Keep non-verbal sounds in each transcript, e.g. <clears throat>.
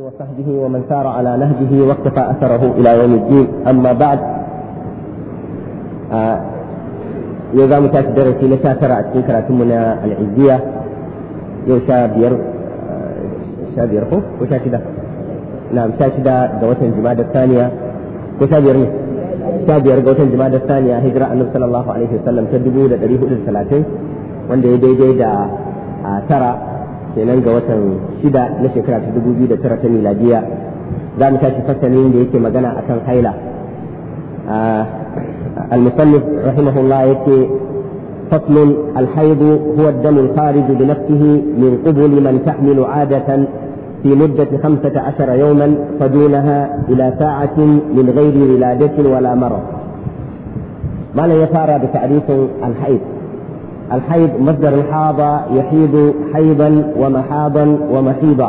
وصحبه ومن سار على نهجه واقتفى أثره إلى يوم الدين أما بعد يوزا متاكدر في نشاتر أتكين كراتمنا العزية يوشا بير شابير خو وشاكدة نعم شاكدة قوة الجمادة الثانية وشابير شابير قوة الجمادة الثانية هجرة النبي صلى الله عليه وسلم تدبو لدريه الثلاثين وان دي دي دي دا ترى kenan ga watan shida na shekara ta dubu biyu da tara ta miladiya za mu tashi fasalin da yake magana akan haila المصنف رحمه الله يكي فصل الحيض هو الدم الخارج بنفسه من قبل من تحمل عادة في مدة خمسة عشر يوما فدونها إلى ساعة من غير ولادة ولا مرض ما لا يفارى بتعريف الحيض الحيض مصدر الحاضة يحيض حيضا ومحاضا mahiba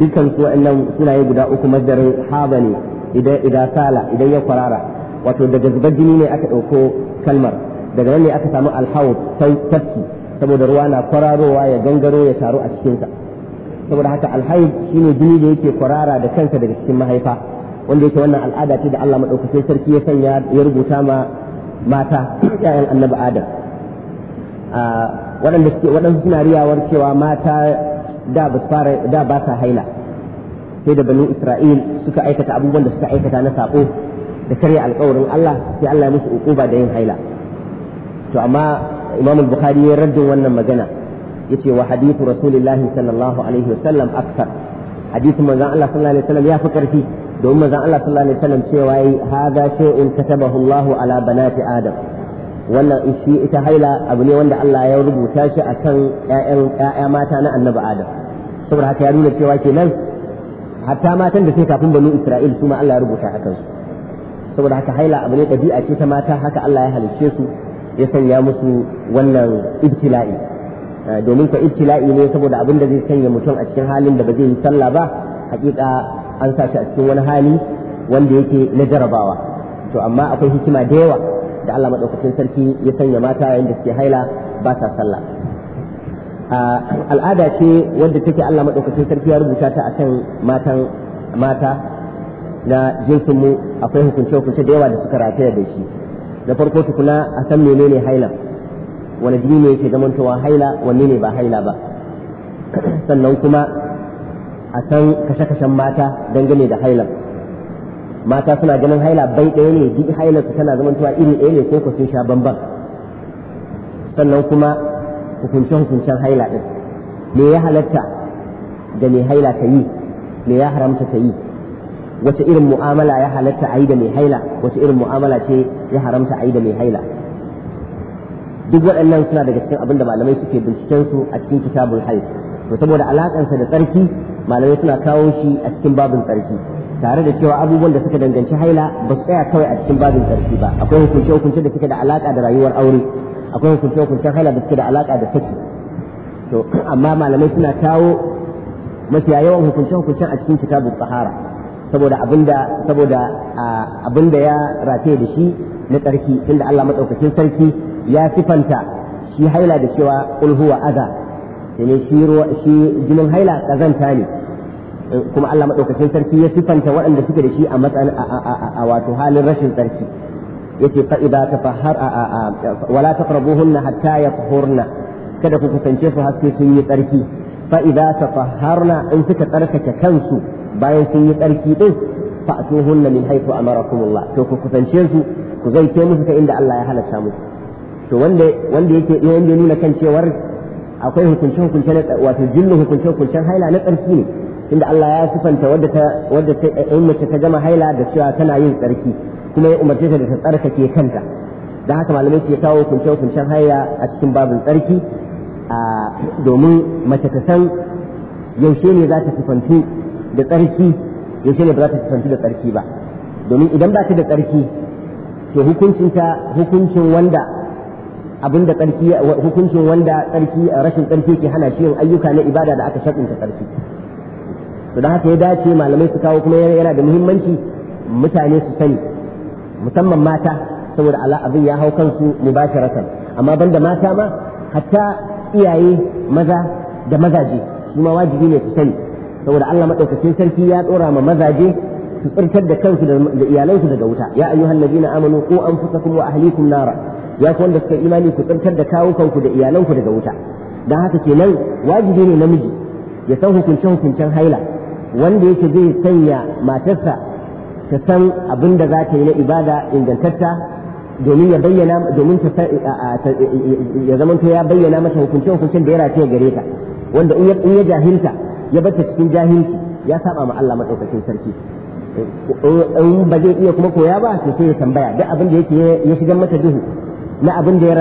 dukkan su wa'annan sunaye guda uku masdarin haba ne idan sala idan ya kwarara wato daga zubar jini ne aka ɗauko kalmar daga nan ne aka samu alhaud tafki saboda ruwa na kwararowa ya gangaro ya taru a cikinsa saboda haka alhaid shine jini da yake kwarara da kansa daga cikin mahaifa wanda yake wannan al'ada ce da Allah madaukakin sarki ya sanya ya rubuta ma mata 'ya'yan annabi Adam Ah, waɗanda suke waɗansu suna riyawar cewa mata da ba fara da ba sa haila sai da banu Isra'il suka aikata abubuwan da suka aikata na sako da karya alƙawarin Allah sai Allah ya musu uquba da yin haila to amma Imam al-Bukhari ya raddin wannan magana yace wa hadithu Rasulillahi sallallahu alaihi wasallam akthar hadithin manzon Allah sallallahu alaihi wasallam ya fi karfi domin manzon Allah sallallahu alaihi wasallam cewa yayi hadha shay'un katabahu Allah ala banati Adam wannan shi ita haila abu ne wanda Allah ya rubuta shi akan kan ƴaƴa mata na annabi Adam saboda haka ya nuna cewa kenan hatta matan da sai kafin banu Isra'il su ma Allah ya rubuta a kansu saboda haka haila abu ne ɗabi'a ce ta mata haka Allah ya halicce su ya sanya musu wannan ibtila'i ah, domin ka ibtila'i ne saboda abin da zai sanya mutum a cikin halin da ba zai yi sallah ba hakika an sa shi a cikin wani hali wanda yake na jarabawa to amma akwai hikima da yawa da Allah madaukakin sarki ya sanya mata yayin suke haila ba sa sallah al'ada ce wanda take Allah madaukakin sarki ya rubuta ta akan matan mata na jinsin mu akwai hukunce hukunce da yawa da suka rataya da shi da farko tukuna a san menene haila wani jini ne yake zamantowa haila wanne ne ba haila ba sannan kuma a san kashe-kashen mata dangane da hailan mata suna ganin haila bai ɗaya ne duk su tana zamantowa iri ɗaya ne ko ku sun sha bamban sannan kuma hukunce hukuncen haila ɗin me ya halatta da mai haila ta yi me ya haramta ta yi wace irin mu'amala ya halatta a yi da mai haila wace irin mu'amala ce ya haramta a yi da mai haila duk waɗannan suna daga cikin abin da malamai suke binciken su a cikin kitabul haid to saboda alakansa da tsarki malamai suna kawo shi a cikin babin tsarki tare da cewa abubuwan da suka danganci haila ba su tsaya kawai a cikin babin tsarki ba akwai hukunce hukunce da suke da alaƙa da rayuwar aure akwai hukunce hukunce haila da suke da alaƙa da saki to amma malamai suna kawo mafiya yawan hukunce hukuncen a cikin kitabun sahara saboda abinda saboda abinda ya rafe da shi na tsarki inda Allah madaukakin sarki ya sifanta shi haila da cewa ulhuwa aza sai ne shi jinin haila kazanta ne kuma Allah madaukakin sarki ya sifanta waɗanda suke da shi a matsayin a wato halin rashin sarki yace fa idza tafahhar wala taqrabuhunna hatta yatahurna kada ku kusance su haske sun yi tsarki fa idza tafahharna in suka tsarkake kansu bayan sun yi tsarki din fa'tuhunna min haythu amarakumullah to ku kusance su ku zai ke musu ta inda Allah ya halatta musu to wanda wanda yake wanda ya nuna kan cewar akwai hukunce hukunce wato jillu hukunce hukuncen haila na tsarki ne tunda Allah ya sifanta wadda ta wadda ta eh, in ta gama haila da cewa tana yin tsarki kuma ya umarce ta da ta tsarkake kanta da haka malamai ke kawo kunshe kunshen haila a cikin babin tsarki domin mace ta san yaushe ne za ta sifantu da tsarki yaushe ne ba za ta sifantu da tsarki ba domin idan ba ta da tsarki to hukuncinta hukuncin wanda abin da tsarki hukuncin wanda tsarki rashin tsarki ke hana shi yin ayyuka na ibada da aka shakunta tsarki to da haka ya dace malamai su kawo kuma yana da muhimmanci mutane su sani musamman mata saboda ala abin ya hau kansu mubasharatan amma banda mata ma hatta iyaye maza da mazaje su ma wajibi ne su sani saboda Allah madaukakin sarki ya dora ma mazaje su tsirtar da kansu da iyalansu daga wuta ya ayyuhan ladina amanu qu anfusakum wa ahlikum nara ya ku wanda suka imani ku tsirtar da kawukanku da iyalanku daga wuta dan haka kenan wajibi ne namiji ya san hukunce hukuncen haila wanda yake zai sanya matarsa ta san abin da za ta yi na ibada ingantatta domin ya bayyana domin ta ya zama ya bayyana mata hukunce hukuncen da ya rataya gare ta wanda in ya jahilta ya bata cikin jahilci ya saba ma Allah madaukakin sarki in ba zai iya kuma koya ba to sai ya tambaya duk abin da yake ya shigar mata duhu na abin da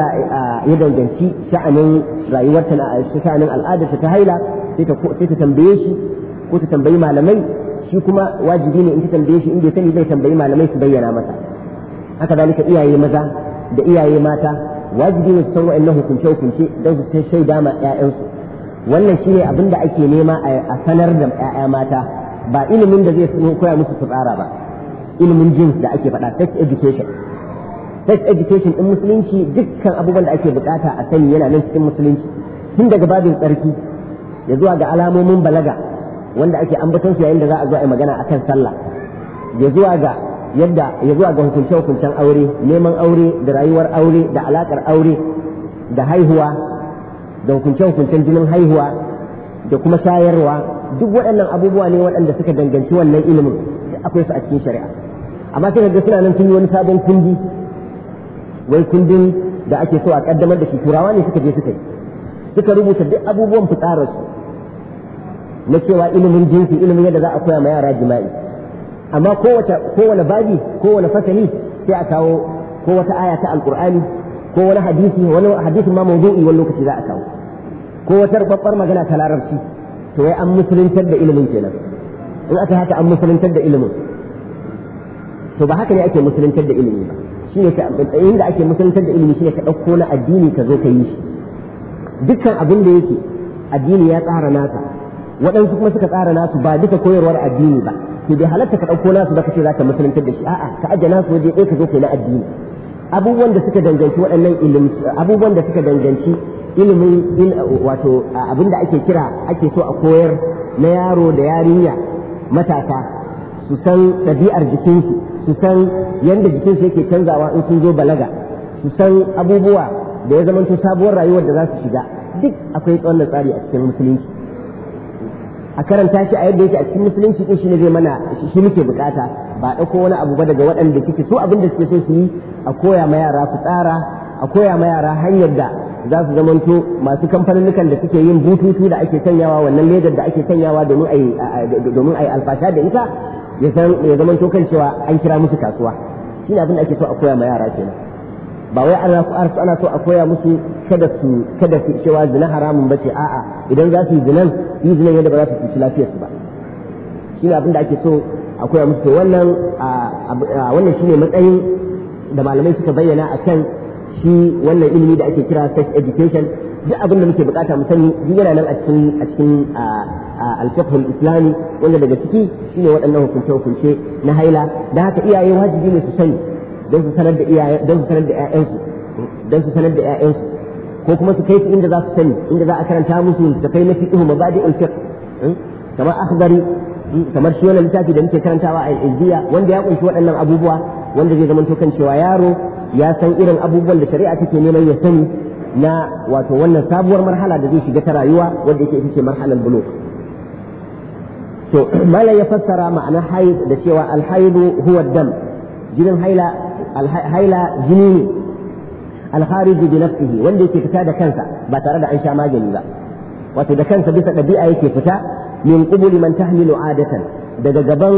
ya danganci sha'anin rayuwarta na sha'anin al'adarta ta haila sai ta tambaye shi ko ta tambayi malamai shi kuma wajibi ne in ta tambaye shi in bai sani zai tambayi malamai su bayyana masa haka zalika iyaye maza da iyaye mata wajibi ne su san wa'annan hukunce hukunce don su shaida ma 'ya'yansu wannan shine abin da ake nema a sanar da 'ya'ya mata ba ilimin da zai koya musu su tsara ba ilimin jins da ake faɗa sex education sex education din musulunci dukkan abubuwan da ake bukata a sani yana nan cikin musulunci tun daga babin tsarki ya zuwa ga alamomin balaga wanda ake ambaton su yayin da za a zo a yi magana akan sallah ya zuwa ga yadda ya zuwa ga hukunce hukuncen aure neman aure da rayuwar aure da alakar aure da haihuwa da hukunce hukuncen jinin haihuwa da kuma shayarwa duk waɗannan abubuwa ne waɗanda suka danganci wannan ilimin da akwai su a cikin shari'a amma sai ga suna nan sun yi wani sabon kundi wai kundin da ake so a kaddamar da shi turawa ne suka je suka yi suka rubuta duk abubuwan fitsararsu na cewa ilimin jinsi ilimin yadda za a koya ma yara jima'i amma kowane babi kowane fasali sai a kawo ko wata aya ta alkur'ani ko wani hadisi wani hadisin ma mawdu'i wani lokaci za a kawo ko wata rubabbar magana ta larabci to wai an musuluntar da ilimin kenan in aka haka an musuluntar da ilimin to ba haka ne ake musuluntar da ilimi ba shine ka inda ake musuluntar da ilimi shine ka dauko na addini ka zo ka yi shi dukkan abin da yake addini ya tsara naka. waɗansu kuma suka tsara nasu ba duka koyarwar addini ba ke bai halatta ka ɗauko nasu ba kace ka musulunta da shi a'a ka aje nasu waje ɗaya ka zo kai na addini abubuwan da suka danganci waɗannan ilimi abubuwan da suka danganci ilimin wato abin da ake kira ake so a koyar na yaro da yarinya matasa su san ɗabi'ar jikinsu su san yadda jikinsu yake canzawa in sun zo balaga su san abubuwa da ya zamanto sabuwar rayuwar da za su shiga duk akwai tsawon tsari a cikin musulunci a karanta shi a yadda yake a cikin musulunci din ne zai mana shi muke bukata ba dauko wani abu ba daga waɗanda kike so abin da suke so su yi a koya ma yara ku tsara a koya ma yara hanyar da za su zamanto masu kamfanin da suke yin bututu da ake sanyawa wannan ledar da ake sanyawa domin a yi alfasha da ita ya zamanto kan cewa an kira musu kasuwa shine abin da ake so a koya ma yara kenan ba wai ana so a koya musu kada su kada su cewa zina haramun bace a'a idan za su yi zinan yi zinan yadda ba za su cuci lafiyarsu ba shine abin da ake so a koya musu to wannan wannan shine matsayin da malamai suka bayyana akan shi wannan ilimi da ake kira sex education duk abin da muke bukata mu sani duk yana nan a cikin a cikin al-fiqh al-islami wanda daga ciki shine waɗannan hukunce hukunce na haila da haka iyaye wajibi ne su sani don su sanar da 'ya'yansu don su sanar da ƴaƴansu don su sanar da ƴaƴansu ko kuma su kai su inda za su sani inda za a karanta musu ta kai na fiqh mabadi'ul fiqh hmm, kamar akhbari hmm, kamar shi wannan littafi da muke karantawa a izziya wanda ya kunshi waɗannan abubuwa wanda zai zama kan cewa yaro ya san irin abubuwan da shari'a take neman ya sani na wato wannan sabuwar marhala da zai shiga ta rayuwa wanda yake ita ce marhalar bulugh to malam ya fassara ma'ana haid da cewa alhaidu huwa dam jinin haila alhaila jini ne alhariji bi nafsihi wanda yake fita da kansa ba tare da an sha magani ba wato da kansa bisa ɗabi'a yake fita min qubuli man tahmilu adatan daga gaban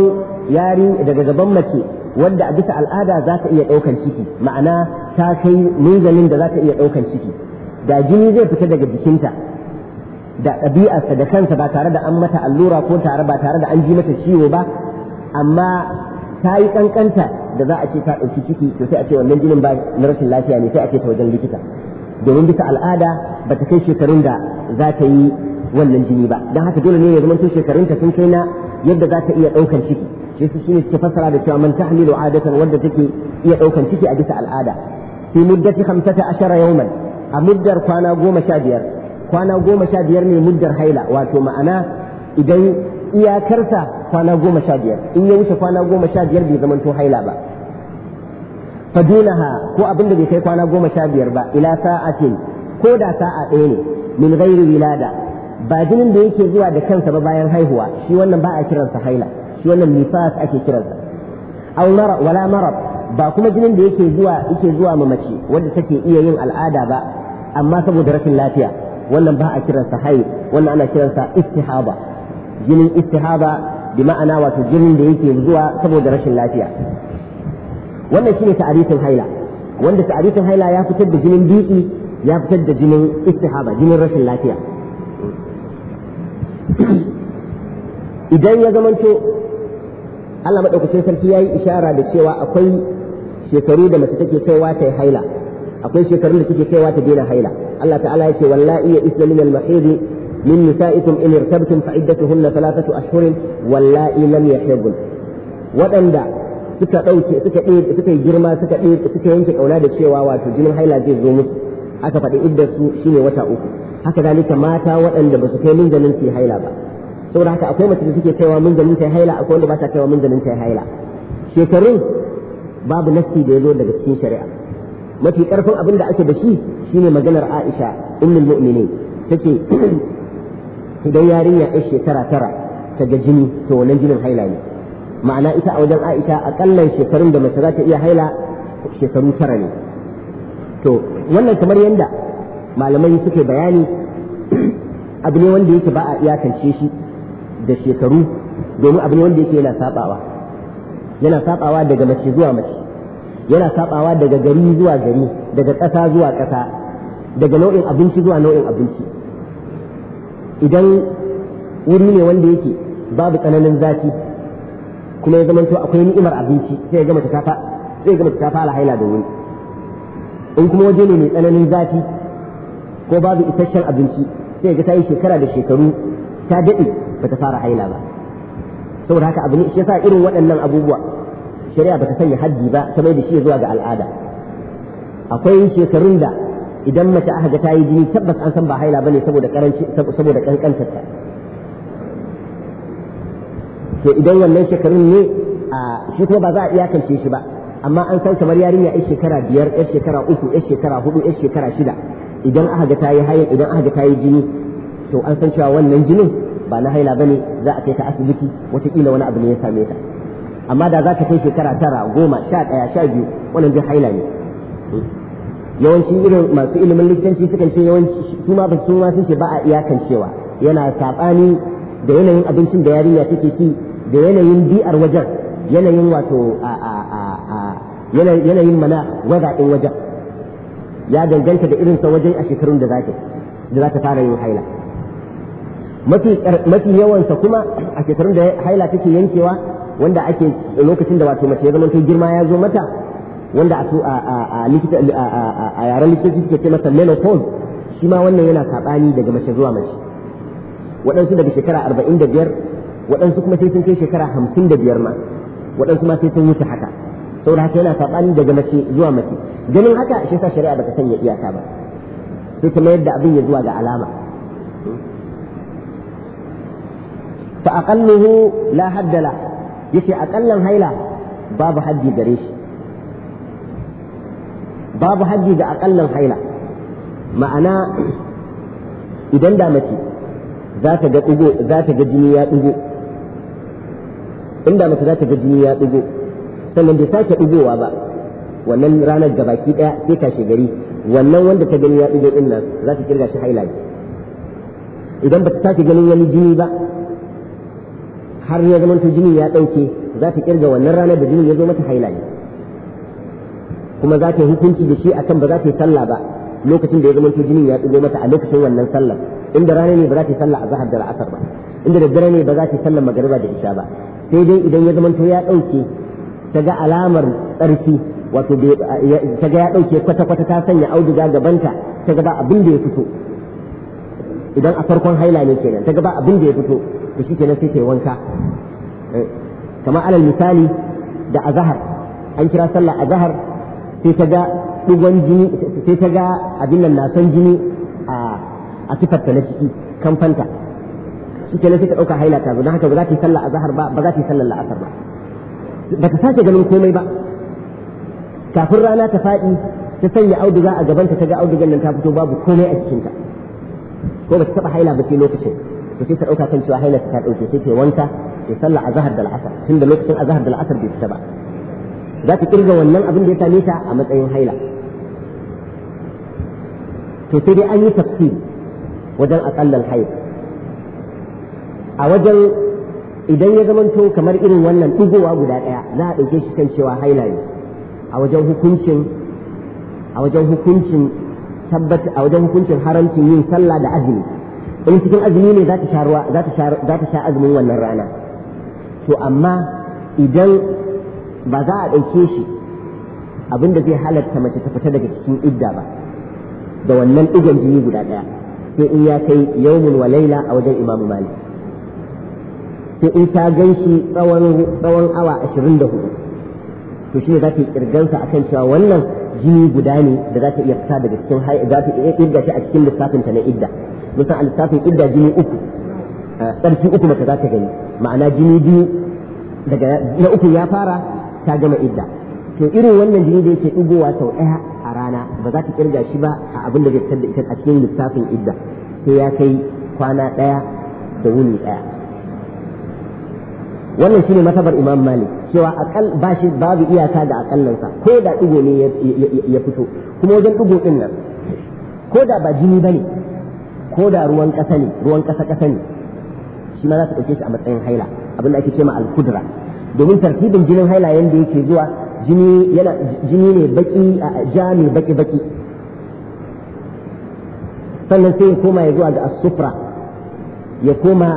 yari daga gaban mace wanda a bisa al'ada za ta iya ɗaukan ciki ma'ana ta kai munzalin da za ta iya ɗaukan ciki da jini zai fita daga jikinta da ɗabi'arsa da kansa ba tare da an mata allura ko tare ba tare da an ji mata ciwo ba amma ta yi kankanta da za a ce ta ɗauki ciki to sai a ce wannan jinin ba na rashin lafiya ne sai a ce ta wajen likita domin bisa al'ada ba ta kai shekarun da za ta yi wannan jini ba don haka dole ne ya zama shekarun ta sun kai na yadda za ta iya ɗaukan ciki shi su shine suke fassara da cewa man tahmilu adatan wadda take iya ɗaukan ciki a bisa al'ada fi muddati khamsata ashara yawman a muddar kwana goma sha biyar kwana goma sha biyar ne muddar haila wato ma'ana idan iyakarsa kwana goma sha biyar in ya wuce kwana goma sha biyar bai zamanto haila ba fadunaha ko abin da bai kai kwana goma sha biyar ba ila sa'a sa'atin ko da sa'a ɗaya ne min ghairi wilada ba jinin da yake zuwa da kansa ba bayan haihuwa shi wannan ba a kiransa haila shi wannan nifas ake kiransa aw mara wala marab ba kuma jinin da yake zuwa yake zuwa ma mace wanda take iya yin al'ada ba amma saboda rashin lafiya wannan ba a kiransa haila wannan ana kiransa istihaba jinin istihaba bi ma'ana wato jinin da yake zuwa saboda rashin lafiya wannan shine ta'arifin haila wanda ta'arifin haila ya fitar da jinin bi'i ya fitar da jinin istihaba jinin rashin lafiya idan ya zamanto Allah maɗaukacin sarki ya yi ishara da cewa akwai shekaru da mace take kaiwa ta haila akwai shekaru da take kaiwa ta daina haila Allah ta'ala ya ce wallahi ya isla min al من نسائكم إن ارتبتم فعدتهن ثلاثة أشهر واللائي لم يحضن وأن suka ɗauke suka ɗaya suka girma suka yanke ƙauna da cewa wato jinin haila zai zo musu aka faɗi iddar su shine wata uku haka zalika mata waɗanda ba su kai minzalin su haila ba saboda haka akwai mace da suke kaiwa minzalin ta haila akwai wanda ba ta kaiwa minzalin ta haila shekarun babu nasti da ya zo daga cikin shari'a mafi karfin abin da ake da shi shine maganar Aisha ummul tace idan yarinya ai shekara tara ta ga jini to wannan jinin haila ne ma'ana ita a wajen aisha akalla shekarun da mace za ta iya haila shekaru tara ne to wannan kamar yadda malamai suke bayani <clears throat> abu ne wanda yake ba a iyakance shi da shekaru domin abu ne wanda yake yana sabawa yana sabawa daga mace zuwa mace yana sabawa daga gari zuwa gari daga ƙasa zuwa ƙasa daga nau'in abinci zuwa nau'in abinci idan wuri ne wanda yake babu tsananin zafi kuma ya zamanto akwai ni'imar abinci sai ya gama ta kafa zai gama ta kafa alhaila da wuri in kuma waje ne mai tsananin zafi ko babu isasshen abinci sai ga ta yi shekara da shekaru ta daɗe ba ta fara haila ba saboda haka abu ne shi yasa irin waɗannan abubuwa shari'a ba ta sanya haddi ba ta mai da shi zuwa ga al'ada akwai shekarun da idan mace aka ga ta yi jini tabbas an san ba haila bane saboda karanci saboda kankantar ta to idan wannan shekarun ne shi kuma ba za a iyakance shi ba amma an san kamar yarinya yar shekara biyar yar shekara uku yar shekara hudu yar shekara shida idan aka ga ta yi haila idan aka ga ta yi jini to an san cewa wannan jinin ba na haila bane za a kai ta asibiti wataƙila wani abu ne ya same ta amma da za ta kai shekara tara goma sha ɗaya sha biyu wannan din haila ne yawanci irin masu ilimin likitanci sukan ce yawanci su ma ba su ma sun ba a iyakancewa yana saɓani da yanayin abincin da yarinya take ci da yanayin bi'ar wajen yanayin wato yanayin mana waza ɗin wajen ya danganta da irin sa wajen a shekarun da zake da za ta fara yin haila mafi yawansa kuma a shekarun da haila take yankewa wanda ake lokacin da wato mace ya zama girma ya zo mata wanda a likita a yaren likitoci suke ce masa menopause shi ma wannan yana saɓani daga mace zuwa mace waɗansu daga shekara arba'in da biyar waɗansu kuma sai sun kai shekara hamsin da biyar ma waɗansu ma sai sun wuce haka saboda haka yana saɓani daga mace zuwa mace ganin haka shi sa shari'a bata sanya iyaka ba sai ta mayar da abin ya zuwa ga alama fa aqalluhu la haddala yace aqallan haila babu haddi gare shi babu hajji ga akallan haila ma'ana idan da mace za ta ga ɗigo za ta ga jini ya ɗigo inda mace za ta ga jini ya ɗigo sannan bai sake ɗigowa ba wannan ranar gabaki ɗaya sai shiga gari wannan wanda ta gani ya ɗigo ɗin nan za ta kirga shi haila ne idan ba ta sake ganin wani jini ba har ya zama jini ya ɗauke za ta kirga wannan ranar da jini ya zo mata haila ne kuma za ta yi hukunci da shi akan ba za ta yi sallah ba lokacin da ya zama jinin ya tsigo mata a lokacin wannan sallar inda rana ne ba za ta yi sallah a zahar da la'asar ba inda daddare ne ba za ta yi sallar magariba da isha ba sai dai idan ya zama ya ɗauke ta ga alamar tsarki wato ta ga ya ɗauke kwata-kwata ta sanya auduga gabanta ta ga ba abin da ya fito idan a farkon haila ne kenan ta ga ba abin da ya fito to shi kenan sai ta yi wanka eh, kamar alal misali da azahar an kira sallah azahar sai ta ga ɗigon jini sai ta ga abin nan na son jini a a tufarta na ciki kamfanta suke kenan sai ta ɗauka haila ta zo don haka ba za ta yi sallah a ba ba za ta yi sallah la'asar ba ba ta sace ganin komai ba kafin rana ta faɗi ta sanya auduga a gabanta ta ga audugan nan ta fito babu komai a cikinta ko ba ta taɓa haila ba sai lokacin to sai ta ɗauka kan cewa haila ta ɗauke sai ta wanka ta sallah azahar zahar da al'asar tunda lokacin azahar da la'asar bai fita ba za ta kirga wannan abin da ya same ta a matsayin haila to sai dai an yi tafsiri wajen akallan haila a wajen idan ya zamanto kamar irin wannan ɗigowa guda ɗaya za a ɗauke shi kan cewa haila ne a wajen hukuncin a wajen hukuncin tabbata a wajen hukuncin haramcin yin sallah da azumi in cikin azumi ne za ta sha azumin wannan rana to amma idan ba za a ɗauke shi abinda zai halatta mace ta fita daga cikin idda ba da wannan ɗigan jini guda ɗaya sai in ya kai yaumin wa laila a wajen imamu malik sai in ta gan shi tsawon awa ashirin da hudu to shi ne za ta yi kirgansa akan cewa wannan jini guda ne da za ta iya fita daga cikin za ta iya shi a cikin lissafinta na idda musan a lissafin idda jini uku eh, tsarki uku mace za ta gani ma'ana jini biyu daga na uku ya fara ta gama idda to irin wannan jini da yake ɗigowa sau ɗaya a rana ba za ta kirga shi ba a abin da zai da ita a cikin lissafin idda sai ya kai kwana ɗaya da wuni ɗaya wannan shine masabar imam malik cewa akal ba shi babu iyaka da akallansa ko da ɗigo ne ya fito kuma wajen ɗigo ɗin nan ko da ba jini ba ne ko da ruwan ƙasa ne ruwan ƙasa ƙasa ne shi ma za ta ɗauke shi a matsayin haila abin da ake ce ma al-kudra domin tartibin jinin haila yanda yake zuwa jini yana jini ne baki a ja ne baki baki sannan sai ya koma ya zuwa ga asufra ya koma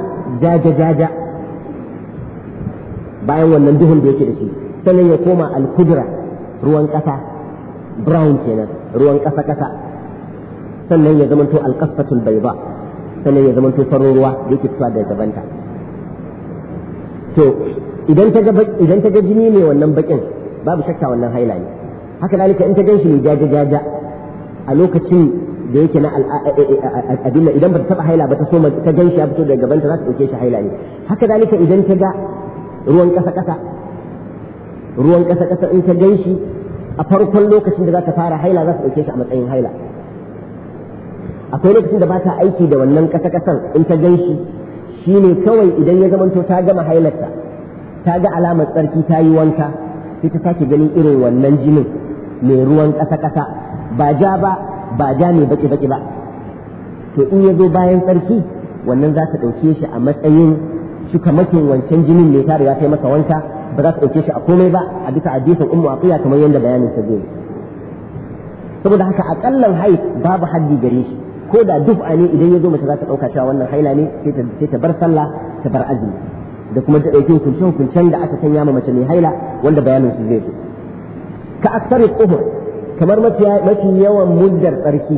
jaja jaja bayan wannan duhun da yake da shi sannan ya koma al-kudra ruwan kasa brown kenan ruwan kasa kasa sannan ya zamanto al-qasatul bayda sannan ya zamanto farin ruwa da yake fitowa daga gabanta to idan ta ga jini ne wannan bakin babu shakka wannan haila ne haka dalika in ta gan shi ne jaja jaja a lokacin da yake na abinda idan ba ta taba haila ba ta so ta gan shi ya fito daga ta za ta dauke shi haila ne haka dalika idan ta ga ruwan kasa kasa ruwan kasa kasa in ta gan shi a farkon lokacin da za ta fara haila za ta dauke shi a matsayin haila akwai lokacin da ba ta aiki da wannan kasa kasan in ta gan shi shine kawai idan ya zamanto ta gama hailarta ta ga alamar tsarki ta yi wanka sai ta sake ganin irin wannan jinin mai ruwan ƙasa-ƙasa ba ja ba ba ja ne baki-baki ba to in ya zo bayan tsarki wannan za ta ɗauke shi a matsayin mafi wancan jinin mai ta ya kai masa wanka ba za ta ɗauke shi a komai ba a bisa hadisin ummu aqiya kamar yadda bayanin ta zai saboda haka akallan hai babu haddi gare shi ko da duk ne idan ya zo mace za ta ɗauka cewa wannan haila ne sai ta bar sallah ta bar azumi da kuma da ɗauki hukuncin da aka sanya ma mace mai haila wanda bayanin su zai zo ka aksari tsohon kamar mafi yawan muddar tsarki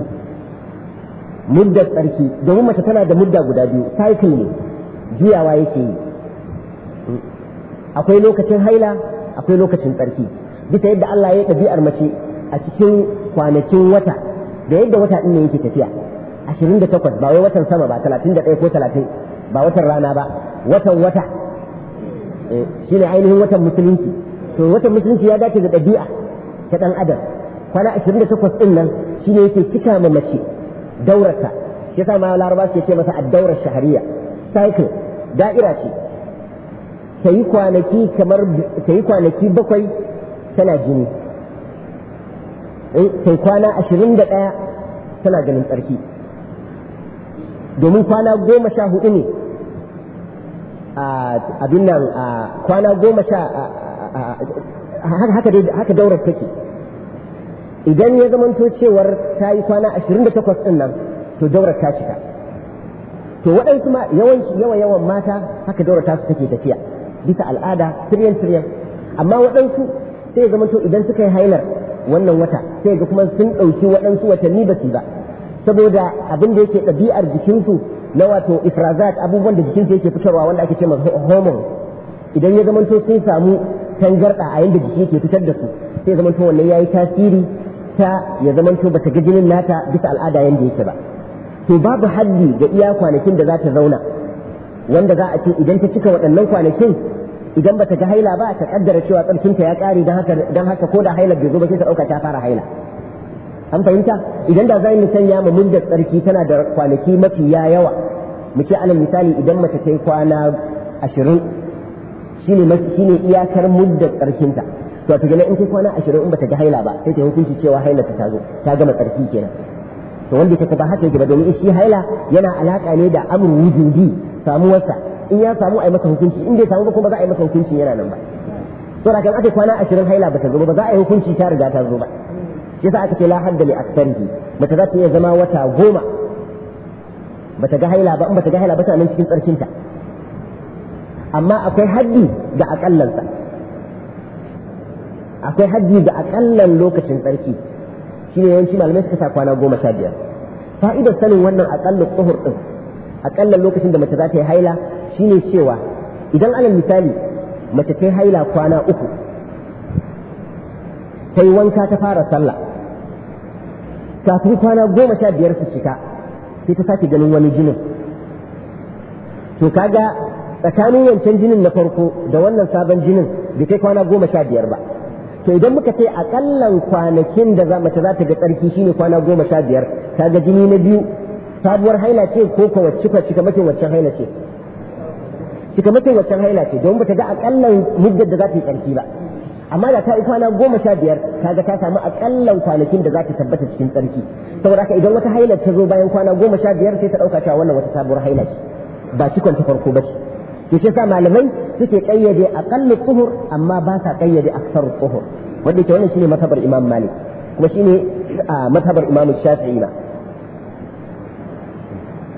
muddar tsarki domin mace tana da mudda guda biyu cycle ne juyawa yake yi akwai lokacin haila akwai lokacin tsarki bisa yadda Allah ya ɗabi'ar mace a cikin kwanakin wata da yadda wata ɗin ne yake tafiya ashirin da takwas ba wai watan sama ba talatin da ɗaya ko talatin ba watan rana ba watan wata Eh, shine ainihin watan musulunci to watan musulunci ya dace da ɗabi'a ta ɗan adam kwana 28 din nan shine yake cika ma mace daurarta shi yasa ma laraba suke ce masa ad-daura shahriya cycle da'ira ce ta yi kwanaki kamar ta yi kwanaki bakwai tana jini sai eh, kwana ashirin da ɗaya tana ganin tsarki domin kwana goma sha hudu ne abin nan kwana goma sha haka haka daurar take idan ya zama cewar ta yi kwana ashirin da takwas ɗin nan to daurar ta cika to waɗansu ma yawanci yawa yawan mata haka daurar tasu take tafiya bisa al'ada tiryan tiryan amma waɗansu sai ya zamanto idan suka yi hailar wannan wata sai ga kuma sun ɗauki waɗansu watanni ba su ba saboda abin da yake ɗabi'ar jikinsu na wato ifrazat abubuwan da jikinsa yake fitarwa wanda ake ce ma hormone idan ya zamanto sun samu tangarɗa a yanda jiki yake fitar da su sai zamanto wannan yayi tasiri ta ya zamanto bata ga jinin nata bisa al'ada yanda yake ba to babu haddi ga iya kwanakin da za ta zauna wanda za a ce idan ta cika waɗannan kwanakin idan bata ga haila ba ta kaddara cewa tsarkinta ya ƙare don haka ko da haila bai zo ba sai ta ɗauka ta fara haila an fahimta idan da za mu sanya mu mudda tsarki tana da kwanaki mafi ya yawa muke alal misali idan mace ta yi kwana ashirin shine shine iyakar mudda tsarkinta to ta gane in ta kwana ashirin in bata ga haila ba sai ta hukunci cewa haila ta zo ta gama tsarki kenan to wanda ta kaba haka yake ba domin shi haila yana alaka ne da amru wujudi samuwarsa in ya samu ai masa hukunci in bai samu ba kuma za a yi masa hukunci yana nan ba to da kan aka kwana ashirin haila ba ta zo ba za a yi hukunci ta riga ta zo ba yasa aka ce la hadda li aktsarihi mace za ta iya zama wata goma bata ga haila ba in bata ga haila ba tana nan cikin tsarkinta amma akwai haddi ga akallansa akwai haddi ga akallan lokacin tsarki shi ne yanci malamai suka sa kwana goma sha biyar fa'idar sanin wannan akallin tsohur ɗin akallan lokacin da mace za ta yi haila shi ne cewa idan alal misali mace ta yi haila kwana uku ta yi wanka ta fara sallah kafin kwana goma sha biyar su cika sai ta sake ganin wani jinin to kaga tsakanin yancan jinin na farko da wannan sabon jinin bai kai kwana goma sha biyar ba to idan muka ce akallan kwanakin da mace za ta ga tsarki shine kwana goma sha biyar kaga jini na biyu sabuwar haila ce ko ko wacce ka cika mace waccan haila ce cika mace waccan haila ce don bata ga akallan muddar da za ta yi tsarki ba amma da ta yi kwana goma sha biyar kaga ta samu akallan kwanakin da za ta tabbata cikin tsarki saboda haka idan wata haila ta zo bayan kwana goma sha biyar sai ta ɗauka cewa wannan wata sabuwar haila ce ba cikon ta farko ba ce to sa malamai suke kayyade aqallu tsuhur amma ba sa kayyade aksaru wanda ke wannan shine matabar imam malik kuma shine matabar imam shafi'i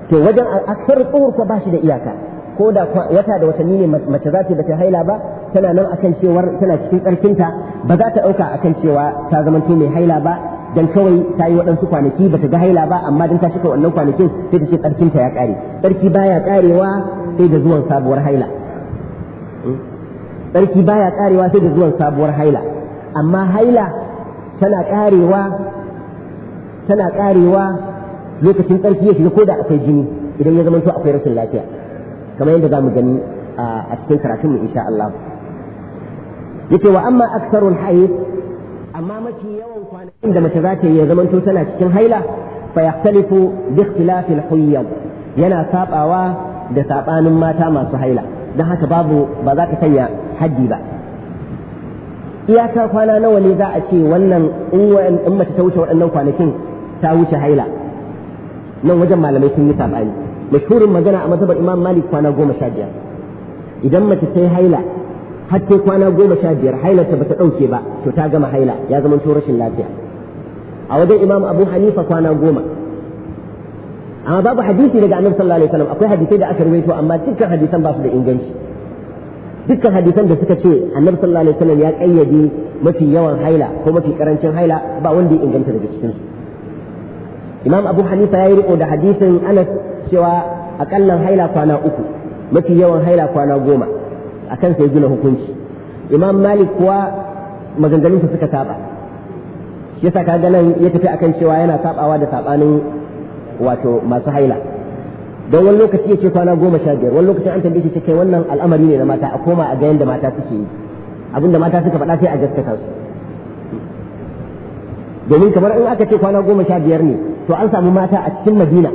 to wajen aksar tuhur ko ba shi da iyaka ko da wata da watanni ne mace za ta bata haila ba tana nan akan cewar tana cikin tsarkinta ba za ta ɗauka akan cewa ta zamanto mai haila ba dan kawai ta yi waɗansu kwanaki bata ga haila ba amma dan ta cika wannan kwanakin sai ta ce tsarkinta ya ƙare tsarki baya karewa sai da zuwan sabuwar haila baya karewa sai da zuwan sabuwar haila amma haila tana ƙarewa tana karewa lokacin tsarki ya shiga ko da akwai jini idan ya zamanto akwai rashin lafiya kamar yadda mu gani a cikin karatun mu insha Allah yace wa amma aktharul hayd amma mafi yawan kwanakin da mace za ta yi ya zamanto tana cikin haila fa yahtalifu bi ikhtilafi yana sabawa da sabanin mata masu haila dan haka babu ba za ka sanya haddi ba iyaka kwana nawa ne za a ce wannan in mace ta wuce waɗannan kwanakin ta wuce haila nan wajen malamai sun yi saɓani mashhurin magana a mazhabar imam malik kwana goma sha biyar idan mace ta yi haila har ta kwana goma sha biyar hailarta ba ta ɗauke ba to ta gama haila ya zama to rashin lafiya a wajen imam abu hanifa kwana goma amma babu hadisi daga annabi sallallahu alaihi wasallam akwai hadisai da aka rawaito amma dukkan hadisan ba su da inganci dukkan hadisan da suka ce annabi sallallahu alaihi wasallam ya kayyade mafi yawan haila ko mafi karancin haila ba wanda ya inganta daga cikin su imam abu hanifa ya yi riko da hadisin ana cewa akallan haila kwana uku mafi yawan haila kwana goma a kan sai gina hukunci imam malik kuwa maganganunsa suka saba shi yasa ka ganin ya tafi akan cewa yana sabawa da sabanin wato masu haila don wani lokaci ya ce kwana goma sha biyar wani lokacin an tambaye shi kai wannan al'amari ne na mata a koma a ga yadda mata suke yi abinda mata suka faɗa sai a gaskata su domin kamar in aka ce kwana goma sha biyar ne to an samu mata a cikin madina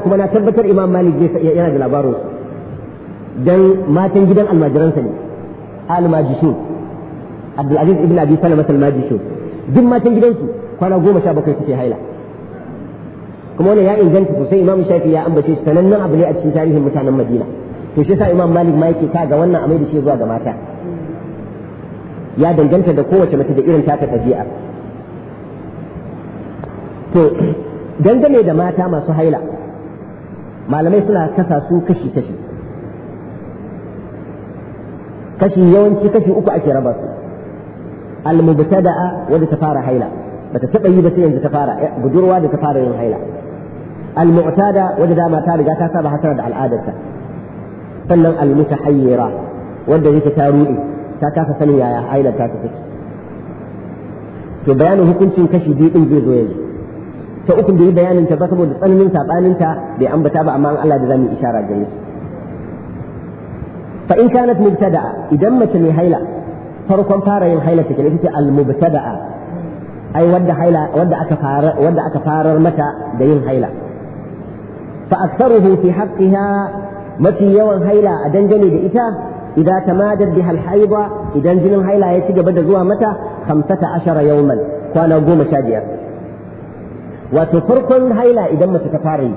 kuma na tabbatar imam malik yana da labarin dan matan gidan almajiransa ne almajishin abdulaziz ibn abi salama almajishin duk matan gidansu kwana goma sha bakwai suke haila kuma wannan ya inganta sosai imam shafi ya ambace shi sanannen abu ne a cikin tarihin mutanen madina to shi yasa imam malik ma yake ka ga wannan amai da shi zuwa ga mata ya danganta da kowace mace da irin taka tabi'a to dangane da mata masu haila malamai suna kasa su kashi-kashi kashi yawanci kashi uku ake raba su almubtada'a wadda ta fara haila bata taba yi ba sai yanzu ta fara budurwa da ta fara yin haila almu'tada wadda dama ta riga ta saba hasara da al'adarta sannan almutahayyira wadda yake ta ruɗe ta kasa sanin yaya haila ta take to bayanin hukuncin kashi biyu din zai zo yanzu ta uku da yi bayanin ba saboda tsananin sabanin ta bai ambata ba amma an Allah da zamu isharar gare su fa in kanat mubtada'a idan mace mai haila farkon fara yin haila take ita ce al mubtada'a ai wadda haila wadda aka fara aka farar mata da yin haila fa aktharuhu fi haqqiha mafi yawan haila a dangane da ita idan tamadad biha al idan jinin haila ya ci gaba da zuwa mata 15 yawman kwana goma sha biyar. wato farkon haila idan mace ta fara yi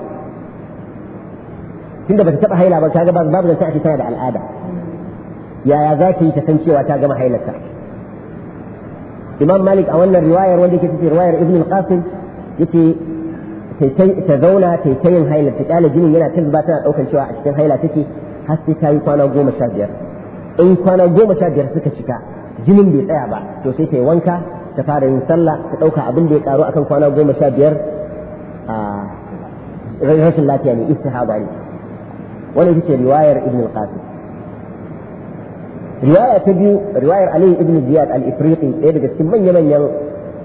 tunda bata taba haila ba kaga babu da sai tana da al'ada yaya za ta yi ta san cewa ta gama hailarta imam malik a wannan riwayar wanda yake cikin riwayar ibn al-qasim yace ta zauna ta yi haila ta kyale jinin yana ta zuba tana daukan cewa a cikin haila take har sai ta yi kwana goma sha biyar in kwana goma sha biyar suka cika jinin bai tsaya ba to sai ta yi wanka ta fara yin sallah ta ɗauka abin da ya karu akan kwana goma sha biyar a rashin lafiya ne istihaba ne wani ita ce riwayar ibn al-qasim riwaya ta biyu riwayar Aliyu ibn ziyad al-ifriqi ɗaya daga cikin manya-manyan